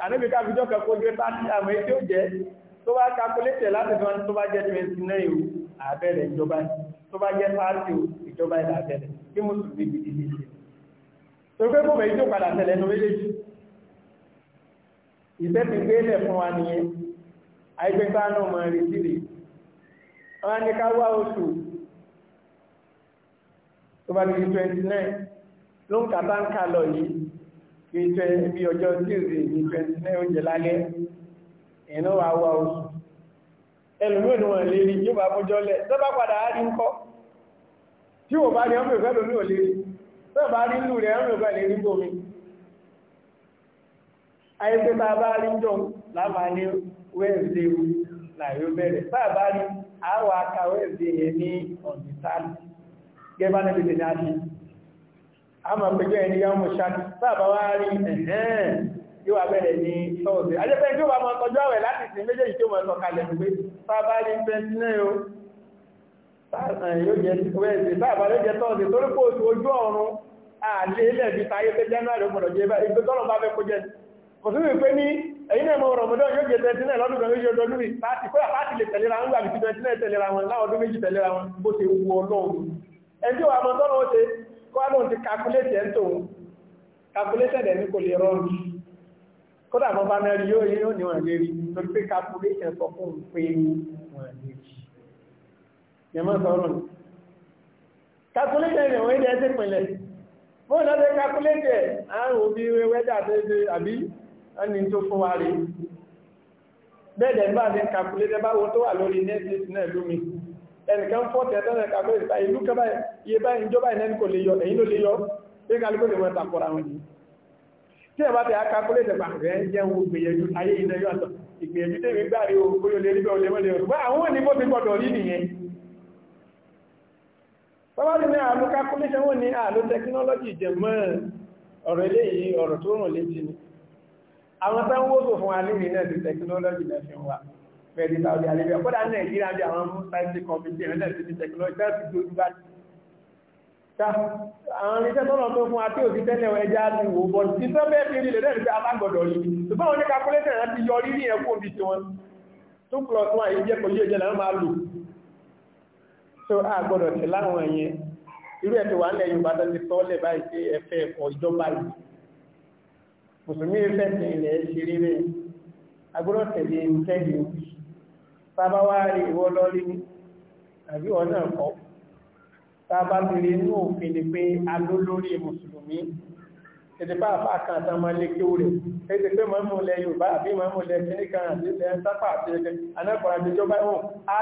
àníbi káfíjọ́ kẹ́kọ́ gbé tàbí àmọ́ èyí tí ó jẹ́ tó bá kakulétẹ̀ láti fún tó bá jẹ́ 29 o àbẹ̀rẹ̀ ìjọba tó bá jẹ́ 30 o ìjọba ìlà àbẹ̀rẹ̀ bí mùsùlùmí gidi ní ṣe tó gbé bóbẹ̀ yìí tó padà ìfẹ́ ti gbé lẹ̀ fún wa nìyẹn àìgbẹ́ta náà mọ̀ retí rè wọ́n á ní ká wá oṣù tó bá di twenty nine ló ń kàtà ń kà lọ yìí kí tẹ bí ọjọ́ tíìzì ní twenty nine oúnjẹ lálẹ́ ẹ̀nà wà wá oṣù ẹlòmíràn ni wọ́n lè rí yóò bá bójọ́ lẹ̀ tó bá padà á rí ń kọ́ tí wò bá rí ọmọ ìfẹ́ lómi ò lè rí tó bá rí lù rẹ̀ ọmọ ìfẹ́ lè rí bómi ayé pé bá bá rí jọ láàmà ní wẹ́ẹ̀dẹ̀ láàrin bẹ̀rẹ̀ bá bá rí àwọn aka wẹ́ẹ̀dẹ̀ yẹn ní ọ̀dìtálì gẹ́gbà náà lè dáadé a máa pẹ̀jọ́ ẹni yá mọ̀ ṣáàkì bàbá wá rí ẹ̀hẹ́n yóò abẹ́rẹ̀ ní sọ́ọ̀dẹ̀ ajẹ́pẹ́ tí ó bá máa tọjú àwẹ̀ láti sin méjèèjì tó máa sọ kalẹ̀ pé bàbá rí pẹ́ntì náà yóò bàbá ló jẹ tọ́ọ̀dẹ̀ torí kò ojú ọ̀run àlélẹ̀ bí táyé pé january mọ̀rọ̀ jẹ́ bá ìgbé tọ́lọ̀ bá fẹ́ kó jẹ́ kò sí wípé ní ẹ̀yìn ẹ̀mọ̀ rọ̀mọdọ́ yóò jẹ́ 29 lọ́dún kan yóò lọ́dún rí láti pé àpáti lè tẹ̀lera wọn gbàmì 29 tẹ̀lera wọn láwọn ọdún méjì tẹ̀lera wọn bó ṣe wù ọlọ́run ẹni tí wà mọ́ tọ́rọ ó ṣe kọ́nà ti calculate ẹ̀ tóun calculation ẹ̀ ní kò lè rọrùn kódà mọ́ bá mẹ́rin yóò yí ní wọ́n lérí torí pé calculation sọ fún un pé wọ́n lérí yẹmọ́ sọ́rọ̀ ni calculation ẹ̀ wọ́n ilẹ̀ ẹ̀ sí pinlẹ̀ mọ́ náà ṣe calculate ẹ̀ àrùn òbí wẹ́dà tó ṣe àbí ẹni tó fún wa rí bẹ́ẹ̀ dẹ̀ bá ṣe calculate báwo tó wà lórí netflix náà lómi ẹnìkan fọ́ tẹ̀tẹ́lẹ̀ kàgbé ìta ìlú kẹba iye báyìí ìjọba ìnẹ́ni kò lè yọ èyí ló lè yọ pé kálukú lè wọ́n takọ̀ra wọn yìí tí ẹ bá tẹ̀ akákúlẹ̀ tẹ̀gbà rẹ̀ jẹun gbìyànjú ayé ilẹ̀ yọ̀tọ̀ ìgbìyànjú tẹ̀mí gbáre o bóyọ lè rí bẹ́ẹ̀ olè mọ́lẹ̀ yorùbá àwọn òní bó ti gbọdọ̀ rí nìyẹn bábá ti ní àlú kákúlẹ̀ṣẹ́ wọn ní àlú tẹkinọ́lọ́jì jẹmọ́ ọ̀rọ̀ eléyìí ọ̀rọ̀ tó rùn létí ni àwọn táwọn wó pẹ̀lú Saudi Arabia kódà Nàìjíríà bí àwọn sáyẹ́ǹsì kọmìtì ẹ̀rẹ́dẹ̀ sí ti tẹkinọ́lọ́jì láti dojú bá ti ta àwọn iṣẹ́ tọ́lọ̀ tó fún àti òsì tẹ́lẹ̀ ẹja ti wò bọ̀ tí tó bẹ́ẹ̀ fi rílẹ̀ lẹ́rìí pé a máa gbọ̀dọ̀ rí ṣùgbọ́n wọn ní calculator láti yọ rí so a gbọdọ̀ tẹ̀ láwọn ẹ̀yẹn irú ẹ̀tọ́ wà nílẹ̀ Yorùbá tó ti sọ lẹ̀ báyìí pé ẹfẹ́ ẹ̀kọ́ ìjọba yìí mùsùlùmí fẹ́ tẹ̀ ilẹ̀ ṣe rí rẹ̀ agbọ́dọ̀ tẹ̀lé ń tẹ̀lé bàbá wá rí ìwọ lọ́rí ní àbí wọn náà kọ́ bàbá bèèrè inú òfin ni pé a ló lórí mùsùlùmí ìdìbà àfáàkàn tán máa lé kí ó rẹ̀ ètò pé máa mú lẹ Yorùbá àbí máa mú lẹ kíníkan àti ilẹ̀ sápà àti ẹgbẹ́ anákọ̀ọ́ra àjẹjọba ẹ̀wọ̀n a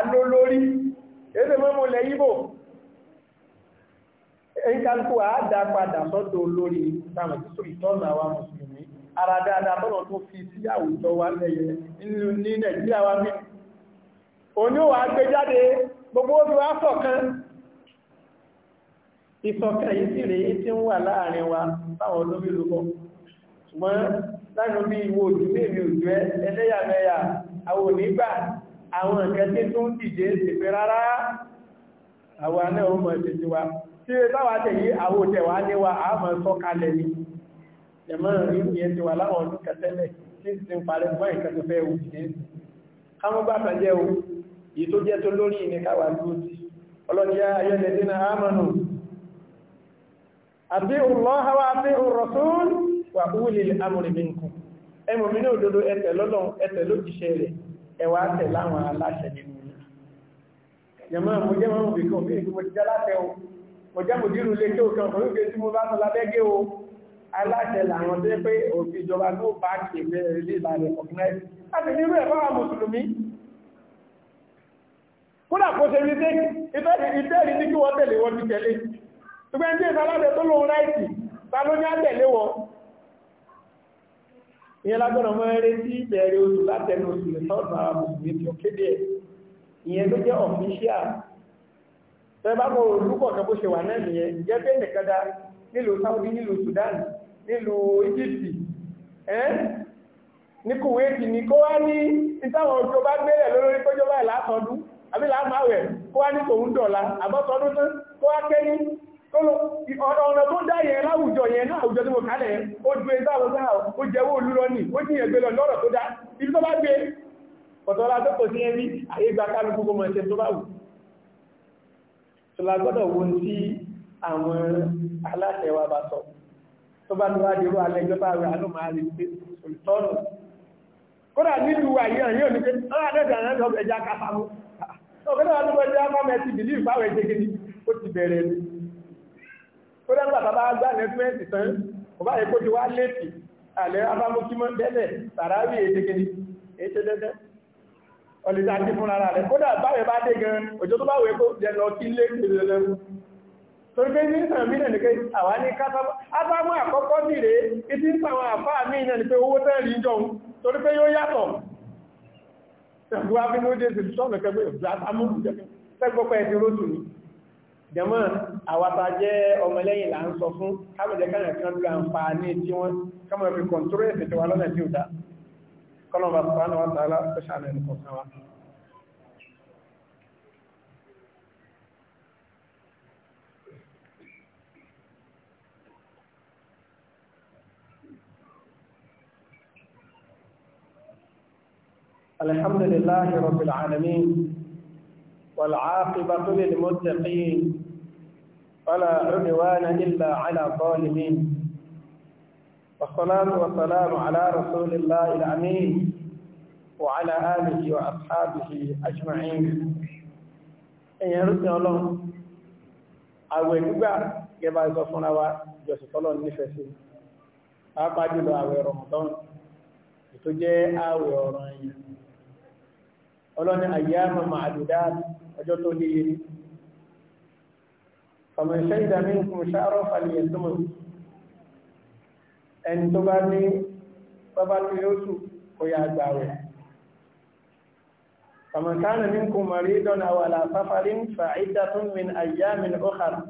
ló tó fi sí àwùjọ wa lẹ́yẹ ní Nàìjíríà wa mìíràn òní ò gbogbo ó fi wá ṣọ̀kan ìṣọ̀kan yìí iti rèé tí ń wà láàrin wa táwọn olómi lóbọ̀ ṣùgbọ́n láàrin bí ìwò òjú léèmí òjú ẹ ẹlẹ́yàmẹ́yà àwọn onígbà àwọn nǹkan tó ń dìje ìpé rárá àwọn anẹ́ ti wa wa yìí tó jẹ́ tó lórí ní káwà lóòtí ọlọ́díá ayẹ́lẹ́dé na ámànù àti ìrùlọ́hawa àti ìrùrọ̀tún wà wúlè amúrìmínkù ẹmùmí ní òdodo ẹ̀tẹ̀ lọ́lọ́n ẹ̀tẹ̀ lójíṣẹ́ rẹ̀ ẹwà tẹ̀ láwọn aláṣẹ nínú yàmá mo jẹ́ mọ́mù bí kan bí i mo ti jẹ́ láfẹ́ o mo jẹ́ mo dírù lé kí o kan fún ìgbé tí mo bá sọ kódà kó ṣe rí dékì ìtẹ́rì ní kí wọ́n tẹ̀lé wọ́n ti tẹ̀lé ṣùgbọ́n tí ìsàlábẹ̀ tó lóun ráìtì ta ló ní àtẹ̀lé wọ́n ìyẹn lágbọ́nà mọ́ eré tí ìbẹ̀rẹ̀ oṣù látẹnu oṣù lè sọ́ọ̀tún ara mùsùlùmí tí ó kéde ẹ̀ ìyẹn ló jẹ́ ọ̀fíṣíàl tẹ́bá kò lúkọ̀ kan bó ṣe wà náà nìyẹn jẹ́ pé nìkan dá nílùú Saudi nílùú Sudan nílùú Egypt ẹ́ ní Kuwait ní kó wá ní ìtàwọn òjò bá gbélẹ̀ lórí kójọba ìlàsọdún àbílà àmàwẹ̀ kó wá ní tòun dọ̀la àbọ́sọdún tán kó wá kẹ́yìn ọ̀nà tó dáyẹ láwùjọ yẹn náà àwùjọ tí mo kálẹ̀ ó ju ẹgbẹ́ àwọn ó jẹ́wọ́ olúrọ ní ó jíyàn gbé lọ lọ́rọ̀ tó dá ibi tó bá gbé ọ̀tọ́lá tó kò sí ẹrí ayé gba kálukú kó mọ̀ ẹ̀ṣẹ́ tó bá wù ṣọlágbọ́dọ̀ wo tí àwọn aláṣẹ wa bá sọ tó bá lọ́wọ́ adéró alẹ́jọ́ bá rẹ̀ aló máa rí pé olùtọ́nù kódà nílùú àyíyàn yóò ní pé ọ́nà àdẹ́dẹ̀ àrẹ́dọ̀ ẹja kápámú ọ̀gẹ́dẹ̀ wọn lọ́gbọ́n jẹ́ ọmọ ẹ̀tì bìlí ìfáwẹ̀ jẹ́gẹ́ ní ó ti bẹ̀rẹ̀ ní ó dẹ́gbà bàbá gbà nẹ́tíwẹ́ntì tán kò bá yẹ kó ti wá léèkì àlẹ́ abámúkímọ́ dẹ́lẹ̀ tàràrí èdègẹ́ ní ètò dẹ́dẹ́ ọ̀lẹ́dà ti fún ara rẹ̀ kódà báwẹ̀ bá dé gan òjò tó báwẹ̀ kó jẹ lọ sí lé kìlẹ̀lẹ́rú torí pé ní ìsàn mí nẹ̀nìké àwá ní kásábá ábámú àkọ́kọ́ nìrè ìtí ń pàwọn àfáà mí nẹ̀nìké owó tẹ́rì ń jọun torí pé yóò yàtọ̀ gbogbo abínúdé sí sọ́nà kẹgbẹ́ ìgbàtàmùsẹ́gbọ́pẹ́ ti rótù ní jẹmọ́ àwàta jẹ́ ọmọlẹ́yìn là ń sọ fún kábẹ̀jẹ́ kánà kan lọ àǹfààní tí wọ́n kọmọ̀ fi kọ̀ntúrẹ́sì tí wà lọ́nà tí ó dá kọ́nà bàbá náà wà tààlà pẹ̀ṣà mẹ́rin kọ̀ọ̀kan wa الحمد لله رب العالمين والعاقبة للمتقين ولا عدوان إلا على الظالمين والصلاة والسلام على رسول الله الأمين وعلى آله وأصحابه أجمعين إن rúfin الله àwẹ̀ gbígbà gẹba ìsọ fúnra wa jọsùn tọ́lọ́run nífẹ̀ẹ́ sí pàápàá jùlọ àwẹ̀ Ramadan tó jẹ́ àwẹ̀ ọ̀ranyàn ọlọ́ni àyàmà màdùdá ọjọ́ tó níye ní ọmọ iṣẹ́ ìdámí nǹkan ṣàárọ̀ fàlìyàn tó mọ̀ ẹni tó bá ní bábá tó yóò tù kó yá gbà rẹ̀ ọmọ kánà ní nǹkan mọ̀rí dọ́nà wà láfáfarín fàídà min àyàmìn ọkàrà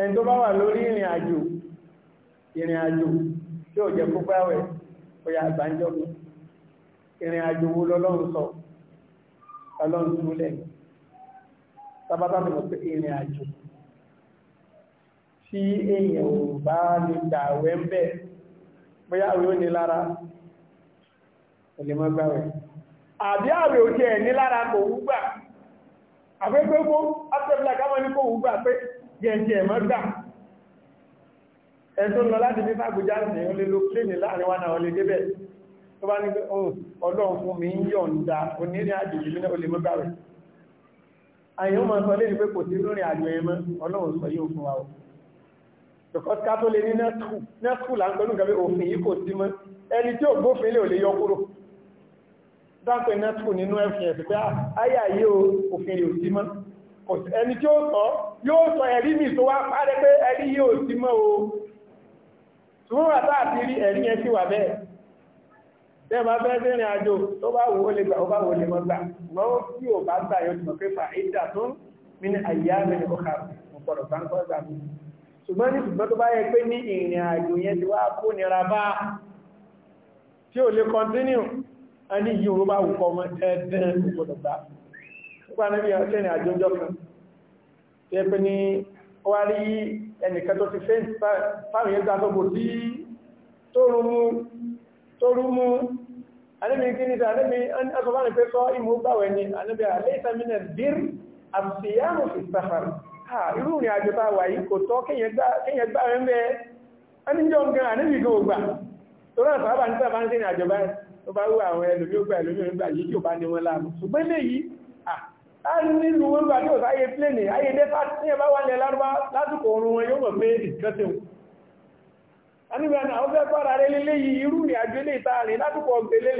ẹni tó bá wà lórí ìrìn àjò ìrìn àjò tí ò jẹ́ púpáwẹ̀ bóyá àgbájọ́ mi ìrìn àjò wo lọ́lọ́run sọ ọlọ́run túlẹ̀ sábátà tó pé ìrìn àjò tí èèyàn ò bá lè gbàwẹ̀ ń bẹ̀ bóyá àwẹ̀ ò ní lára kò lè mọ́ gbàwẹ̀ àbí àwẹ̀ ò tiẹ̀ ní lára kò wú gbà àfẹ́gbẹ́gbó afẹ́fẹ́ làkámọ́ ní kò ẹ̀tọ́ lọ láti ní fàgbójá ní ó lè lo pléènì láàrin wánà ọlẹ́ débẹ̀ tó bá ní oh, ọlọ́run fún mi ń yọ̀ǹda onírìn àjò yìí ní olè mọ́gbà rẹ̀ àyíwọ́ ma sọ lè ní pé kò sí lórin àjò ẹmọ́ ọlọ́run sọ yóò fún wa o because ká tó lè ní nẹ́skù láńpẹ́lú gẹ́gẹ́ òfin yìí kò sí mọ́ ẹni tí ò gbófin lè ò lè yọ kúrò dápẹ́ nẹ́skù ó sọ yóò sọ ẹ̀rí mi tó wá párẹ́ pé ẹ̀rí yìí ò sí túnra tá àti rí ẹ̀rí yẹn sí wà bẹ́ẹ̀ tẹ́ bá fẹ́ sí ìrìn àjò tó bá wò ó lè gbà ó bá wò lè mọ́ gbà wọ́n tí ò bá gbà yóò mọ̀ pé fàídà tó ń mi ní àyíyá mi ní ọkà ọ̀pọ̀lọ̀ bá ń kọ́ gbà mí ṣùgbọ́n ní ṣùgbọ́n tó bá yẹ pé ní ìrìn àjò yẹn ti wá kó nira bá tí ò lè kọntínú ẹni yìí ò bá wùkọ́ mọ́ ẹ̀ẹ́dẹ́n ọ̀pọ̀lọ̀ ẹnìkan tó ti fẹ́ǹtì táwọn yẹn gbàtọ́gbò tí tó rú mú anẹ́bí kí ní sọ anẹ́bí asọ́bánì pé sọ ìmú gbàwẹ̀ ni anẹ́bí alẹ́sàmínà dír àbùsíyàmù ìsàfàrù Ah, irú rìn àjò bá wà yìí kò tọ́ kéèyàn gbà rẹ̀ mẹ́ ẹnìjọ́ gan anẹ́bí gan ògbà tó rán sọ́bà ní sọ́bà ní àjọ báyìí tó bá wú àwọn ẹlòmí ògbà ẹlòmí ògbà yìí tí ò bá ní wọn láàmú ṣùgbọ́n léyìí láti nínú wọn gbà tí ò sáyé pléènì ayé dẹ́fà tí ẹbá wà ní ẹlárúbá lásìkò oorun wọn yóò mọ̀ pé ìkẹsẹ̀wò anígbà náà ó fẹ́ pàdà rẹ lélé yìí irú ní àjò ilé ìta rìn lásìkò ọgbẹ̀lẹ̀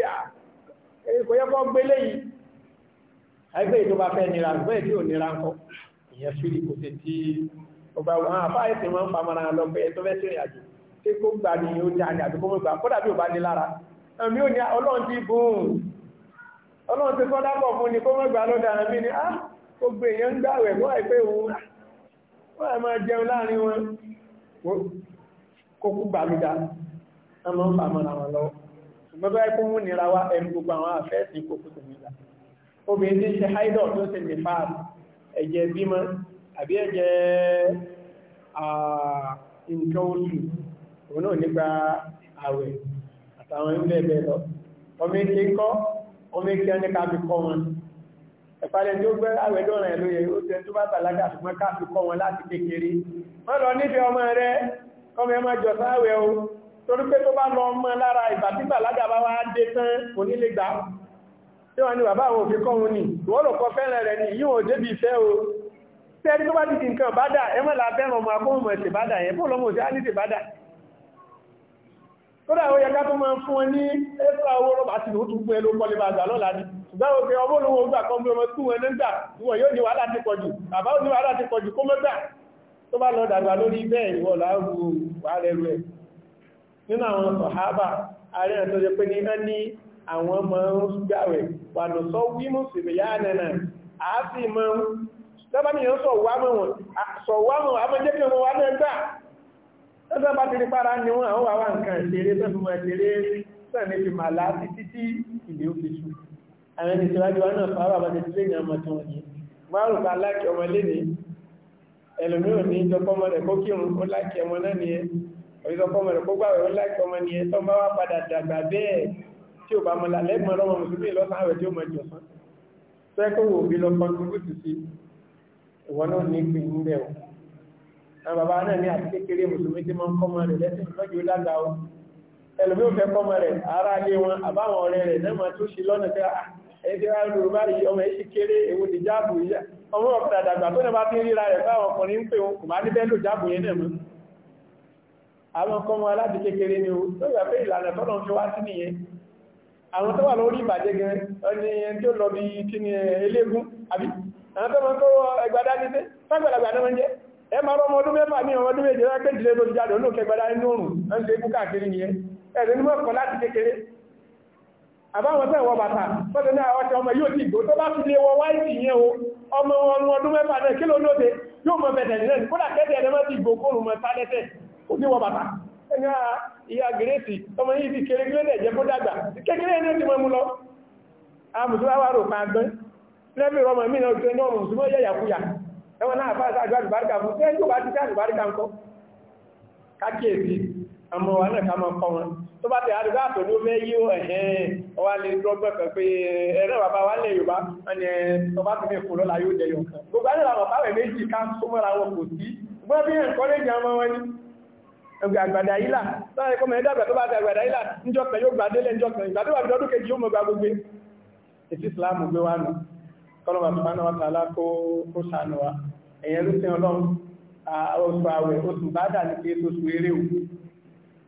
kò yẹ kọ́ gbélé yìí àìpé ìjọba fẹ́ nira bẹ́ẹ̀ tí ò nira ńkọ́ ìyẹn ṣírí kò sí tí ọba àwọn àfáà ìsìn wọn pamara lọ pé ẹ tó fẹ́ sí ìrìnàjò tí kò gbà ní ó jẹ àjàdùkú mọ́gbà kódà bí ò bá ní lára àmì ò ní ọlọ́run ti bùn ọlọ́run ti kọ́ dápọ̀ fún ni kó mẹ́gbà ló dára mí ni ah gbogbo èèyàn ń gbàwẹ̀ wọ́n àìpé òun ah, wọ́n àìmọ́ jẹun láàrin wọn kó kú gbàlúdà ọmọ ń fàmọ́ làwọn lọ ṣùgbọ́n bá ẹkún mú nira wá ẹnu gbogbo àwọn àfẹ́sìn kókó tó nílà obìnrin tí ń ṣe haidọ̀ tó ṣe lè fa ẹ̀jẹ̀ bímọ àbí ẹ̀jẹ̀ ah, nǹkan oṣù òun náà nípa àwẹ̀ àtàwọn ilé ẹ̀bẹ̀ lọ ọmọ èké kọ́ omi kí ẹni ká fi kọ́ wọn ẹ̀fàlẹ̀ tí ó gbẹ́ àwẹ̀dọ́rẹ̀ lóye ó tẹ́ tó bá bàlágà ṣùgbọ́n ká fi kọ́ wọn láti kékeré wọ́n lọ nífẹ̀ẹ́ ọmọ rẹ kọ́mọ ẹmọ jọ sáwẹ̀ o torí pé tó bá lọ mọ́ lára ìgbà tí bàlágà bá wá dé tán kò ní lè gbà tí wọ́n ni bàbá àwọn òfin kọ́ wọn ni wọ́n lò kọ́ fẹ́ràn rẹ̀ ni yíò débi ìfẹ́ o tẹ́ẹ̀rí tó bá ti di nǹkan bádà ẹmọ́ làbẹ́ràn ọmọ akóhùnmọ̀ ìṣèbádà kódà ó yẹ ká tó máa fún wọn ní ẹ́sà owó rọ́bà àti ìlú tó gbé ló kọlẹ̀ bàgbà lọ́la ní ṣùgbọ́n òkè ọmọ olówó gbà kan bí ọmọ tí wọn ní gbà wọn yóò ní wàhálà ti pọ̀jù bàbá ó ní wàhálà ti pọ̀jù kó mẹ́gbà tó bá lọ dàgbà lórí bẹ́ẹ̀ lọ́sọ́ bá ti rí pára ní wọ́n àwọn àwọn nǹkan ìṣeré tọ́fùmọ̀ ìṣeré sẹ́ni fi màlá sí títí ìdí òkè ṣù àwọn ẹni síwájú wọn náà fara bá ti tilé ìyàn ọmọ tí wọ́n yìí márùn ká láàkì ọmọ lẹ́ni ẹlòmíràn ní ìjọpọmọ rẹ̀ kó kírun ó láàkì ọmọ náà ni ẹ ìjọpọmọ rẹ̀ kó gbàwẹ̀ ó láàkì ọmọ ni ẹ tó bá wá padà dàgbà bẹ́ẹ̀ tí ò bá mọ lálẹ́ mọ́ lọ́wọ́ mùsùlùmí lọ́sàn àwẹ̀ tí ó mọ àwọn bàbá náà ní àti kékeré mùsùlùmí tí máa ń kọ́mọ rẹ̀ lẹ́sìn lọ́jọ́ lágbà o ẹlòmí ò fẹ́ kọ́mọ rẹ̀ ara lé wọn àbáwọn ọ̀rẹ́ rẹ̀ náà máa tó ṣe lọ́nà tí ah, ẹni tí àwọn tó wà lórí ìbàjẹ́ gan ẹni ẹni tó lọ bí kí ni eléegun àbí àwọn tó mọ́ kó ẹgbàdá ní sí náà jẹ́ ẹ máa rọmọ ọdún mẹ́fà ní ọmọdún méje wáyé ìdílé tó jáde olóòkè gbada nínú òrùn ń ṣe ikú káàkiri nìyẹn ẹ̀rẹ́ ní mọ́kàn láti kékeré àbáwọn tẹ́ wọ bàtà fọ́tẹ̀ ní àwọn ọmọ yóò ti gbò tó bá fi lé wọ wáìtì yẹn o ọmọ ọmọ ọdún mẹ́fà náà kí ló lóde yóò mọ bẹ̀tẹ̀ nílẹ̀ ní kódà kẹ́tẹ̀ ẹ̀rẹ́ mọ́tì gbò kóòrùn mọ́ sálẹ́tẹ̀ kò ní wọ ìyá gírèsì ọmọ yìí ti kéré kéré ẹ̀jẹ̀ kó dàgbà kékeré ẹni ti mọ́ mú lọ àmùsùn wá rò pa lẹ́bí rọmọ mí náà ẹwọ́n náà fà sáàjú àdìbáríkà fún tí ó bá ti sí àdìbáríkà ń kọ́ kákèèsí ọmọ wa náà ká mọ́ kọ́ wọn tó bá ti àdìbá àtò ní ó fẹ́ yí ó ẹ̀hẹ́n ọwá lè rọ́gbọ́n kan pé ẹ̀rẹ́ bàbá wa lẹ̀ Yorùbá wọn ni tó bá ti fi kò lọ́la yóò jẹyọ kan gbogbo àdìbá àwọn báwẹ̀ méjì ká súnmọ́ra wọn kò sí gbọ́n bí ẹ̀kọ́ lè jẹ ọmọ wọn ni ẹgbẹ̀ àgbàdà ìlà láàrin kọmọ ẹ̀dàgbà tó bá ti àgbàdà ìlà níjọ́ kan yóò gbàdélẹ̀ níjọ́ kan ìgbàdó wà lọ́dún kejì yóò mọ̀ gbà gbogbo ẹ̀yẹn ló tẹ́ ọlọ́run oṣù àwẹ̀ oṣù bá dà ní kí é oṣù eré o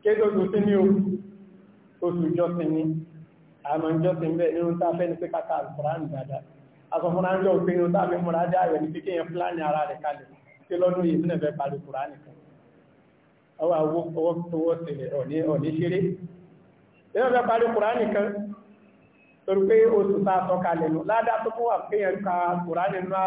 kí é oṣù sí ní oṣù jọ́sìn ní àmọ́ jọ́sìn bẹ́ẹ̀ nínú tá fẹ́ ní pé kàkà àlùkùránì dáadáa asọ̀fúnra ń jọ pé nínú tá fẹ́ múra dá àwẹ̀ ní pé kéèyàn fúlàní ara rẹ̀ kalẹ̀ kí lọ́dún yìí sínú ẹ̀fẹ́ parí kùránì kan ọwọ́ owó tọwọ́ sílẹ̀ ọ̀ní ṣeré nínú ẹ̀fẹ́ parí kùránì kan torí pé a sọ kalẹ̀ nù ládàá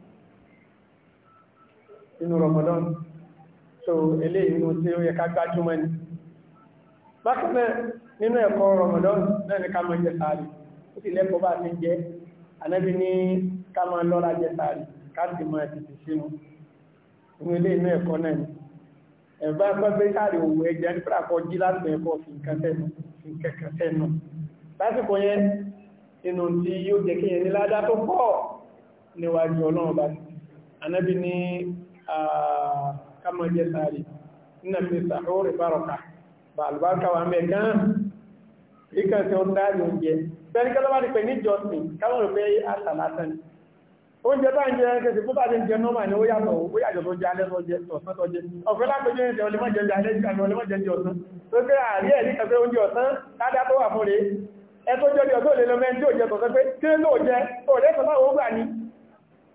inú Ramadan so ele inú tí ó yẹ ká gbájúmọ́ ni bákanáà nínú ẹ̀kọ́ Ramadan náà ni ká mọ́ jẹ sàárì ó sì lẹ́kọ̀ọ́ bá ti jẹ́ anábi ní ká máa lọ́ra jẹ sàárì ká sì máa tètè sínú inú ilé inú ẹ̀kọ́ náà ni ẹ̀bá pẹ́pẹ́ sàárì òwò ẹ̀jẹ̀ nípa kọ jí láti ẹ̀kọ́ fi nǹkan tẹ́nu fi nǹkan tẹ́nu lásìkò yẹn inú tí yóò jẹ́ kí yẹn ní ládá tó pọ̀ kama jẹ sáré nínú mi sàhóòrè bárọ̀kà bà àlùbáríkà wà mẹ́ gan ríkà tí ó dáàrí oúnjẹ bẹ́ẹ̀ni kọ́lọ́wà ní pẹ̀ níjọsìn káwọn rẹ̀ pé àṣà lásán ni oúnjẹ bá ń jẹ kẹsì bó bá ti ń jẹ nọ́mà ni ó yàtọ̀ ó yàtọ̀ tó jẹ alẹ́ tọ́jẹ tọ̀sán tọ́jẹ ọ̀fẹ́ lápẹjọ ìṣẹ́ olè mọ́jẹ jẹ alẹ́ ìṣẹ́ olè mọ́jẹ jẹ ọ̀sán tó kẹ́ àrí ẹ̀rí kẹsẹ̀ oúnjẹ ọ̀sán ládá tó wà fún rẹ̀ ẹ tó jẹ́ ọjọ́ olè lọ́mẹ́ tí ó jẹ tọ̀sán pé kí ló jẹ ó rẹ̀ sọ láwọn ó gbà ní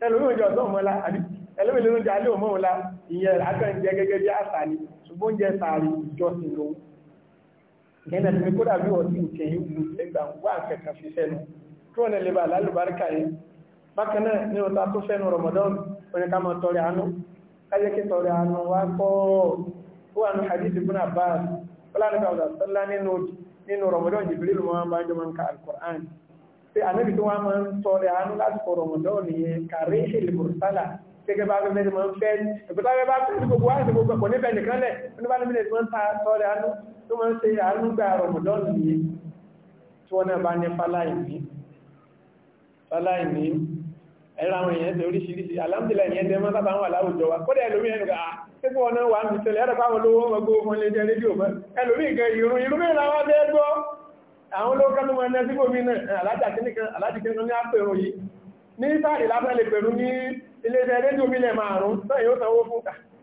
ẹlòmí oúnjẹ ọ̀sán mọ́lá àbí ẹlẹ́mì ló ń jẹ alẹ́ òmọ́ òla ìyẹn àkànjẹ gẹ́gẹ́ bí àṣà ni ṣùgbọ́n jẹ sàárì ìjọsìn lòun ìyẹn ẹ̀sìn kódà bí wọ́n ti ń tẹ̀ yí wù ẹgbà wà kẹ̀kẹ́ fi fẹ́nu kí wọ́n lè bá lálùbáríkà yẹn bákan ní ọ̀tá tó fẹ́nu Ramadan oní ká mọ̀ tọrẹ àánú kájẹ́ kí tọrẹ àánú wá kọ́ ó wà ní hadith ibn Abbas Ramadan Jibril wọn bá jọ máa ń ka Al-Qur'an pé ànábì tó wá máa ń tọrẹ àánú lásìkò Ramadan nìyẹn kàrí gẹ́gẹ́ bá fẹ́ mọ́ fẹ́ ẹ̀bùtá rẹ̀ bá fẹ́ gbogbo wáṣẹ̀ gbogbo ẹ̀kọ́ nífẹ̀ẹ́ nìkan lẹ̀ ní bá nílẹ̀ tí wọ́n ta sọ́ọ̀rẹ̀ àánú tó máa ń ṣe àánú gba rọ̀mọ̀dọ́n ní tí wọ́n bá ní fáláìní fáláìní wa kódà ẹlòmí ẹnu ah, ká pípọ̀ ọ̀nà wà ń tẹ̀lé ẹ̀rọ pàwọn olówó ọmọ gbogbo fún ilé jẹ́ rédíò mọ́ ẹlòmí nǹkan ìrún ìrún mẹ́rin àwọn abẹ́ gbọ́ àwọn olówó kan tó mọ ẹni alájà kìnnìkan alájà ní àpẹrun yìí ní sáàrì lábẹ́ lè ní ilé-iṣẹ́ rédíò mílẹ̀ márùn-ún náà yóò sanwó fún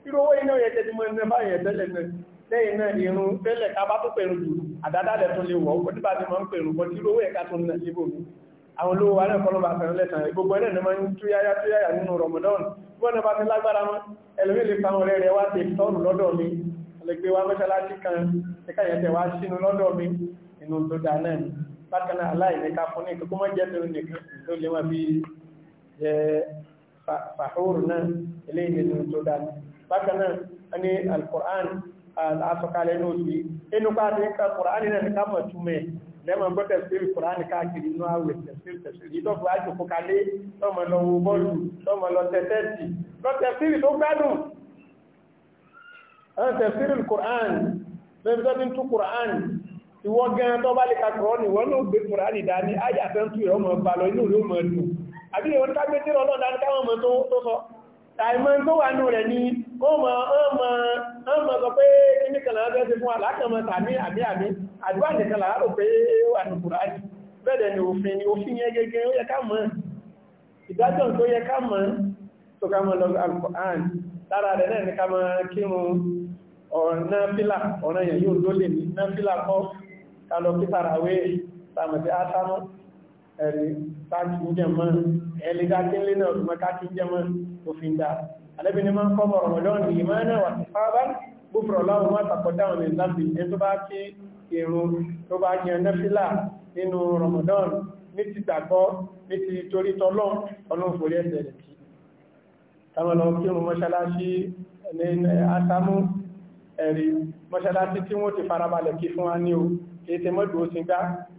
irú owó iná yẹ tẹ́jú mọ́ ẹ̀nà báyẹ̀ tẹ́lẹ̀ náà lẹ́yìn náà irun tẹ́lẹ̀ ká bá tó pẹ̀rù jù àdádálẹ̀ tó lè wọ́ nípa ti máa ń pẹ̀rù bọ́ tí owó ẹ̀ka tó nà síbò mí àwọn olówó wa náà kọlọ́bà fẹ́ràn lẹ́sàn gbogbo ẹ̀nà máa túyáyá túyáyá nínú Ramadan bọ́n bá ti lágbára mọ́ ẹlòmí lè rẹ̀ wá ti tọ́rù lọ́dọ̀ mi lè wá mọ́ṣáláṣí sàhúrù náà ilé ìlú tó dáa bákan náà a ní alkùrán àtọ́kalẹ̀ ní oṣù inú pàtàkì ká kùrán náà ní ká mọ̀ túnmẹ̀ lẹ́mọ̀ gbọ́ tẹ̀sírí kùrán káàkiri inú àwẹ̀ tẹ̀sírí tẹ̀sírí ìtọ́fù àjòkó kalé tọ́mọ lọ wo àbí ìwọ̀n kágbé tí ọlọ́dà káwọn ọmọ tó sọ àìmọ́ tó wà nù rẹ̀ ni ó mọ̀ ọmọ sọ pé kíníkànlá ọjọ́ ti fún alákànmọ́ tàbí àbí àbí àdúrà nìkanlá rò pé wà nù kùráàdì bẹ́ẹ̀dẹ̀ ni òfin ni òfin yẹ gẹ́gẹ́ ó yẹ ká mọ̀ ìdájọ́ tó yẹ ká mọ̀ tó ká mọ̀ lọ́gbà alkùnrin lára rẹ̀ náà ní ká mọ̀ kírun ọ̀nà fílà ọ̀nà yẹ̀ yóò lólè ní náà fílà kọ́ ká lọ pítàràwé sàmọ̀tí átámọ́ ẹ̀rí káàkiri jẹmọ́ ẹ̀lẹ́ káàkiri náà ọdún káàkiri jẹmọ́ òfin dá alẹ́bìnrin máa ń kọ́ bọ̀ rọ̀mọ̀lọ́nì ìmọ́nà wà sí fáábá gbúfọ̀rọ̀ láwọn máa tàkọ̀dá ọ̀nà ìzámbì ẹni tó bá kí irun tó bá yẹn nẹ́fílà nínú rọ̀mọ̀lọ́n ní ti gbàgbọ́ ní ti torí tọ́lọ́ ọlọ́run forí ẹsẹ̀ rẹ̀ kí táwọn lọ kí irun mọ́ṣáláṣí ní asámú ẹ̀rí mọ́ṣáláṣí tí wọ́n ti farabalẹ̀ kí fún wa ní o kì í ti mọ́dù ó ti gbá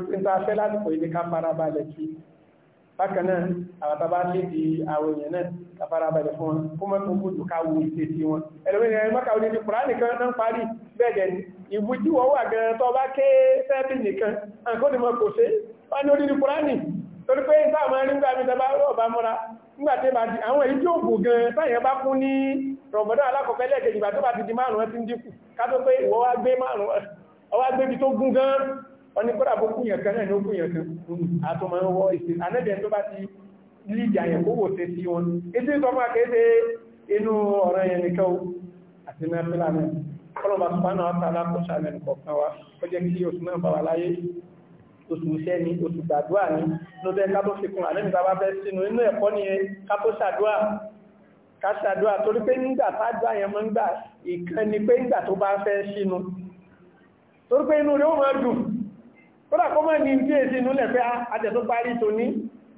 pé tá a fẹ́ lásìkò yìí ní farabalẹ̀ kí bákan náà àwọn tàbá di àwọn èèyàn náà ká farabalẹ̀ fún wọn kó mọ́ tó gbójú ká wo ìṣe sí wọn ẹlòmíràn ẹ̀rọ mọ́kà òní ti kùrá nìkan náà ń parí bẹ́ẹ̀ dẹ̀ ni ìbújúwọ̀ wà gan tó bá ké sẹ́ẹ̀bì nìkan àǹkó ni mo kò ṣe wọ́n ní orí ní kùrá nì wọ́n ní kọ́dà bó kúnyàn kan náà ní ó kúnyàn kan àtọmọ̀ ẹwọ́ ìsìn anẹ́bẹ̀ẹ́ tó bá ti lídì àyàn kó wò tẹ́ sí wọn ètò ìtọ́fà kéde inú ọ̀rọ̀ yẹn nìkan àti mẹ́fẹ́lá náà kọlọ̀bà sùpánà ọ̀tàlá kó ni oṣù gbàdúà ni ló jẹ́ kábó ni ẹ kábó sàdúà ká sàdúà torí pé nígbà sàdúà yẹn mọ́ ń gbà ìkan ni pé nígbà tó bá fẹ́ sínú torí pé inú rẹ̀ ó máa dùn kódà kó mọ́ ní tí èsì inúlẹ̀ pé àtẹ̀tó parí tó ní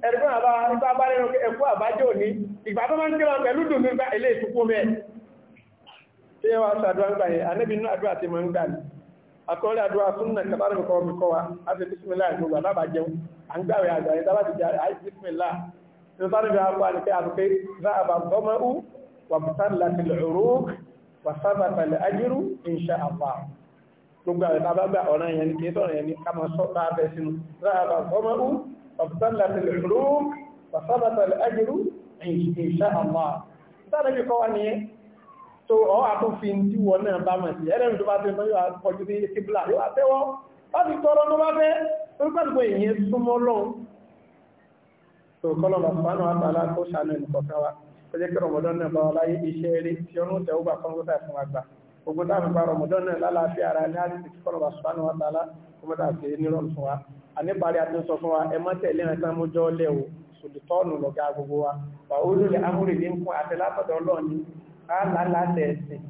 ẹ̀rùkún àbá ìgbà bá lẹ́nu ẹ̀kú àbájò ní ìgbà tó máa ń kíra pẹ̀lú dùnú gba ilé ìtukú mẹ́ tí yẹ wá sàdúrà ń gbà yẹ anẹ́bí inú àdúrà ti máa ń gbà ní àkọọ́lẹ̀ àdúrà fún nà a fi bísímìlá ìlú wà lábà jẹun à ń gbàwẹ̀ àgbà yẹn tábà ti jẹ àìsí bísímìlá ní sáré bí akọ àti pé àti pé za àbà bọ́mọ u wà bùsà láti lè rúk wà sábà tàlẹ̀ gbogbo àwọn ìtàbábà ọ̀ràn yẹn ní kéèdọ̀ yẹn ní ká máa sọ́pá abẹ́ sínú ráàbà fọ́mọ́rú ọ̀pọ̀tánlátìlì rúm pàṣábàtàlì ajírú ìṣà àmà ìtànàbí kọ́ wá nìyẹn tó ọ́ àtúnfin tí wọ́n náà bá mọ̀ sí ẹ̀rẹ́mì tó bá tẹ́ lọ́yọ́ àpọ̀jú sí kíbla yóò àtẹ́wọ́ wá sí tọrọ ló bá fẹ́ orúkọ̀dùgbò ìyẹn súnmọ́ lọ́hùn tó kọ́lọ̀ bá fún àwọn àtàlà tó ṣàánú ẹnìkọ̀ọ̀kan gbogbo táwọn gba rọmọdán náà lálàáfíà ara ní àti kọlọba sùpánù wa tààlà kó mọta sí nírọ̀lù fún wa àníparí àti sọ fún wa ẹ mọ tẹ̀lé ẹ tán mú jọ o sòdìtọ́ọ̀nù lọ́gá gbogbo wa wà ó lórí amúrè ní nkún àti látọ̀dọ̀ ọlọ́ọ̀ni á lálá tẹ̀sìn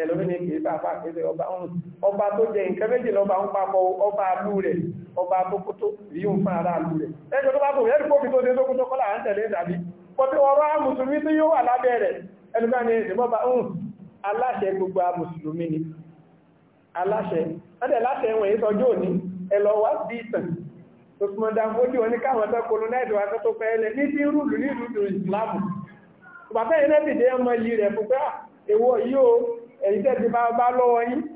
ẹlòmí ni kìí sáfà kéde ọba ọ̀hún ọba tó jẹ nǹkan méjì lọ́ba ń papọ̀ ọba àlú rẹ̀ ọba tó kótó yíò fún ara àlú rẹ̀ ẹjọ́ tó bá tó yẹ́rì kóbi tó dé tó kótó kọ́lá à ń tẹ̀lé dàbí pọ̀tí ọ̀rọ̀ mùsùlùmí tí yóò wà lábẹ́ rẹ̀ ẹlòmí ni ìbọ̀ba ọ̀hún aláṣẹ gbogbo mùsùlùmí ni aláṣẹ ọdẹ láṣẹ ẹwọ̀n èyí sọjọ́ òní ẹlọ wá bí ìtàn tó súnmọ́ dáfójú wọn ní káwọn tó kolonẹ́ẹ̀dì wa tó pẹ́ẹ́lẹ̀ ní tí rúlù ní ìlú ìsìláàmù bàbá yìí lẹ́bì dé ọmọ yìí rẹ̀ fún pé ah, èwo yóò èyí tẹ́ ti bá lọ́wọ́ yìí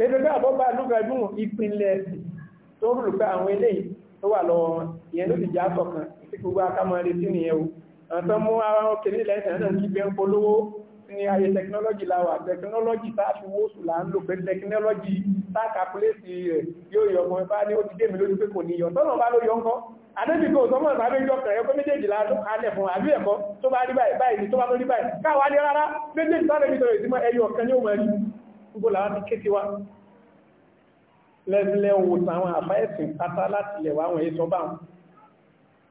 kéde bá àbọ́bá lúgbàdún ìpínlẹ̀ ẹ̀sìn tó rúrù pé àwọn eléyìí tó wà lọ ìyẹn ló ti já sọ̀kan tí gbogbo akámọ́rin sí nìyẹn o àwọn tó mú ara wọn kéré lẹ́sìn náà kí bẹ́ ń polówó ní ayé tẹkinọ́lọ́jì láwà tẹkinọ́lọ́jì táàfi wóṣù là ń lò pé tẹkinọ́lọ́jì táàkàpùlẹ́sì rẹ̀ yóò yọ ọmọ ẹ̀fà ní ó ti dé mi lójú pé kò ní yọ tọ́nà bá ló yọ ń kọ́ adébìkò sọmọ́ ìsàbẹ́ ìjọ kẹ̀yẹ́ pé méjèèjì láàrín kalẹ̀ fún àbí ẹ̀kọ́ tó bá rí báyìí tó bá lórí báyìí káwàá ní rárá méjèèjì sáré nítorí ìsinmọ́ ẹyọ ọ̀kan ní òmìnirí gbogbo làwọn ti ké sí wa lẹ́lẹ́ wo tàwọn àfáẹ́sìn pátá láti lẹ̀ wá àwọn èso báwọn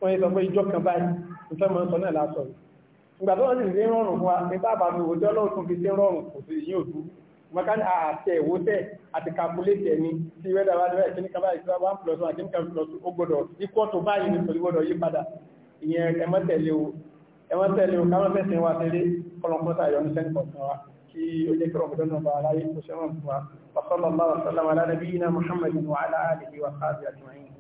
wọ́n yẹ́ sọ pé ìjọ kan báyìí ìfẹ́ mọ́ sọ náà lásọ̀ ìgbà tó wọ́n sì sí rọrùn fún wa ní bàbá mi òjò ọlọ́run tún fi sí rọrùn kò sí yíò dú mọ́ká ní àtẹ ìwó tẹ̀ àti kàkúlétẹ̀ ni tí wẹ́dà wá dẹ́rẹ́ kí ní kaba ìtura ìyẹn ẹmọ́tẹ̀lé o ẹmọ́tẹ̀lé o káwọn fẹ́sìn wa tẹ́lé kọlọ́kọ́ta yọ ní wa وصلى الله وسلم على نبينا محمد وعلى اله وصحبه اجمعين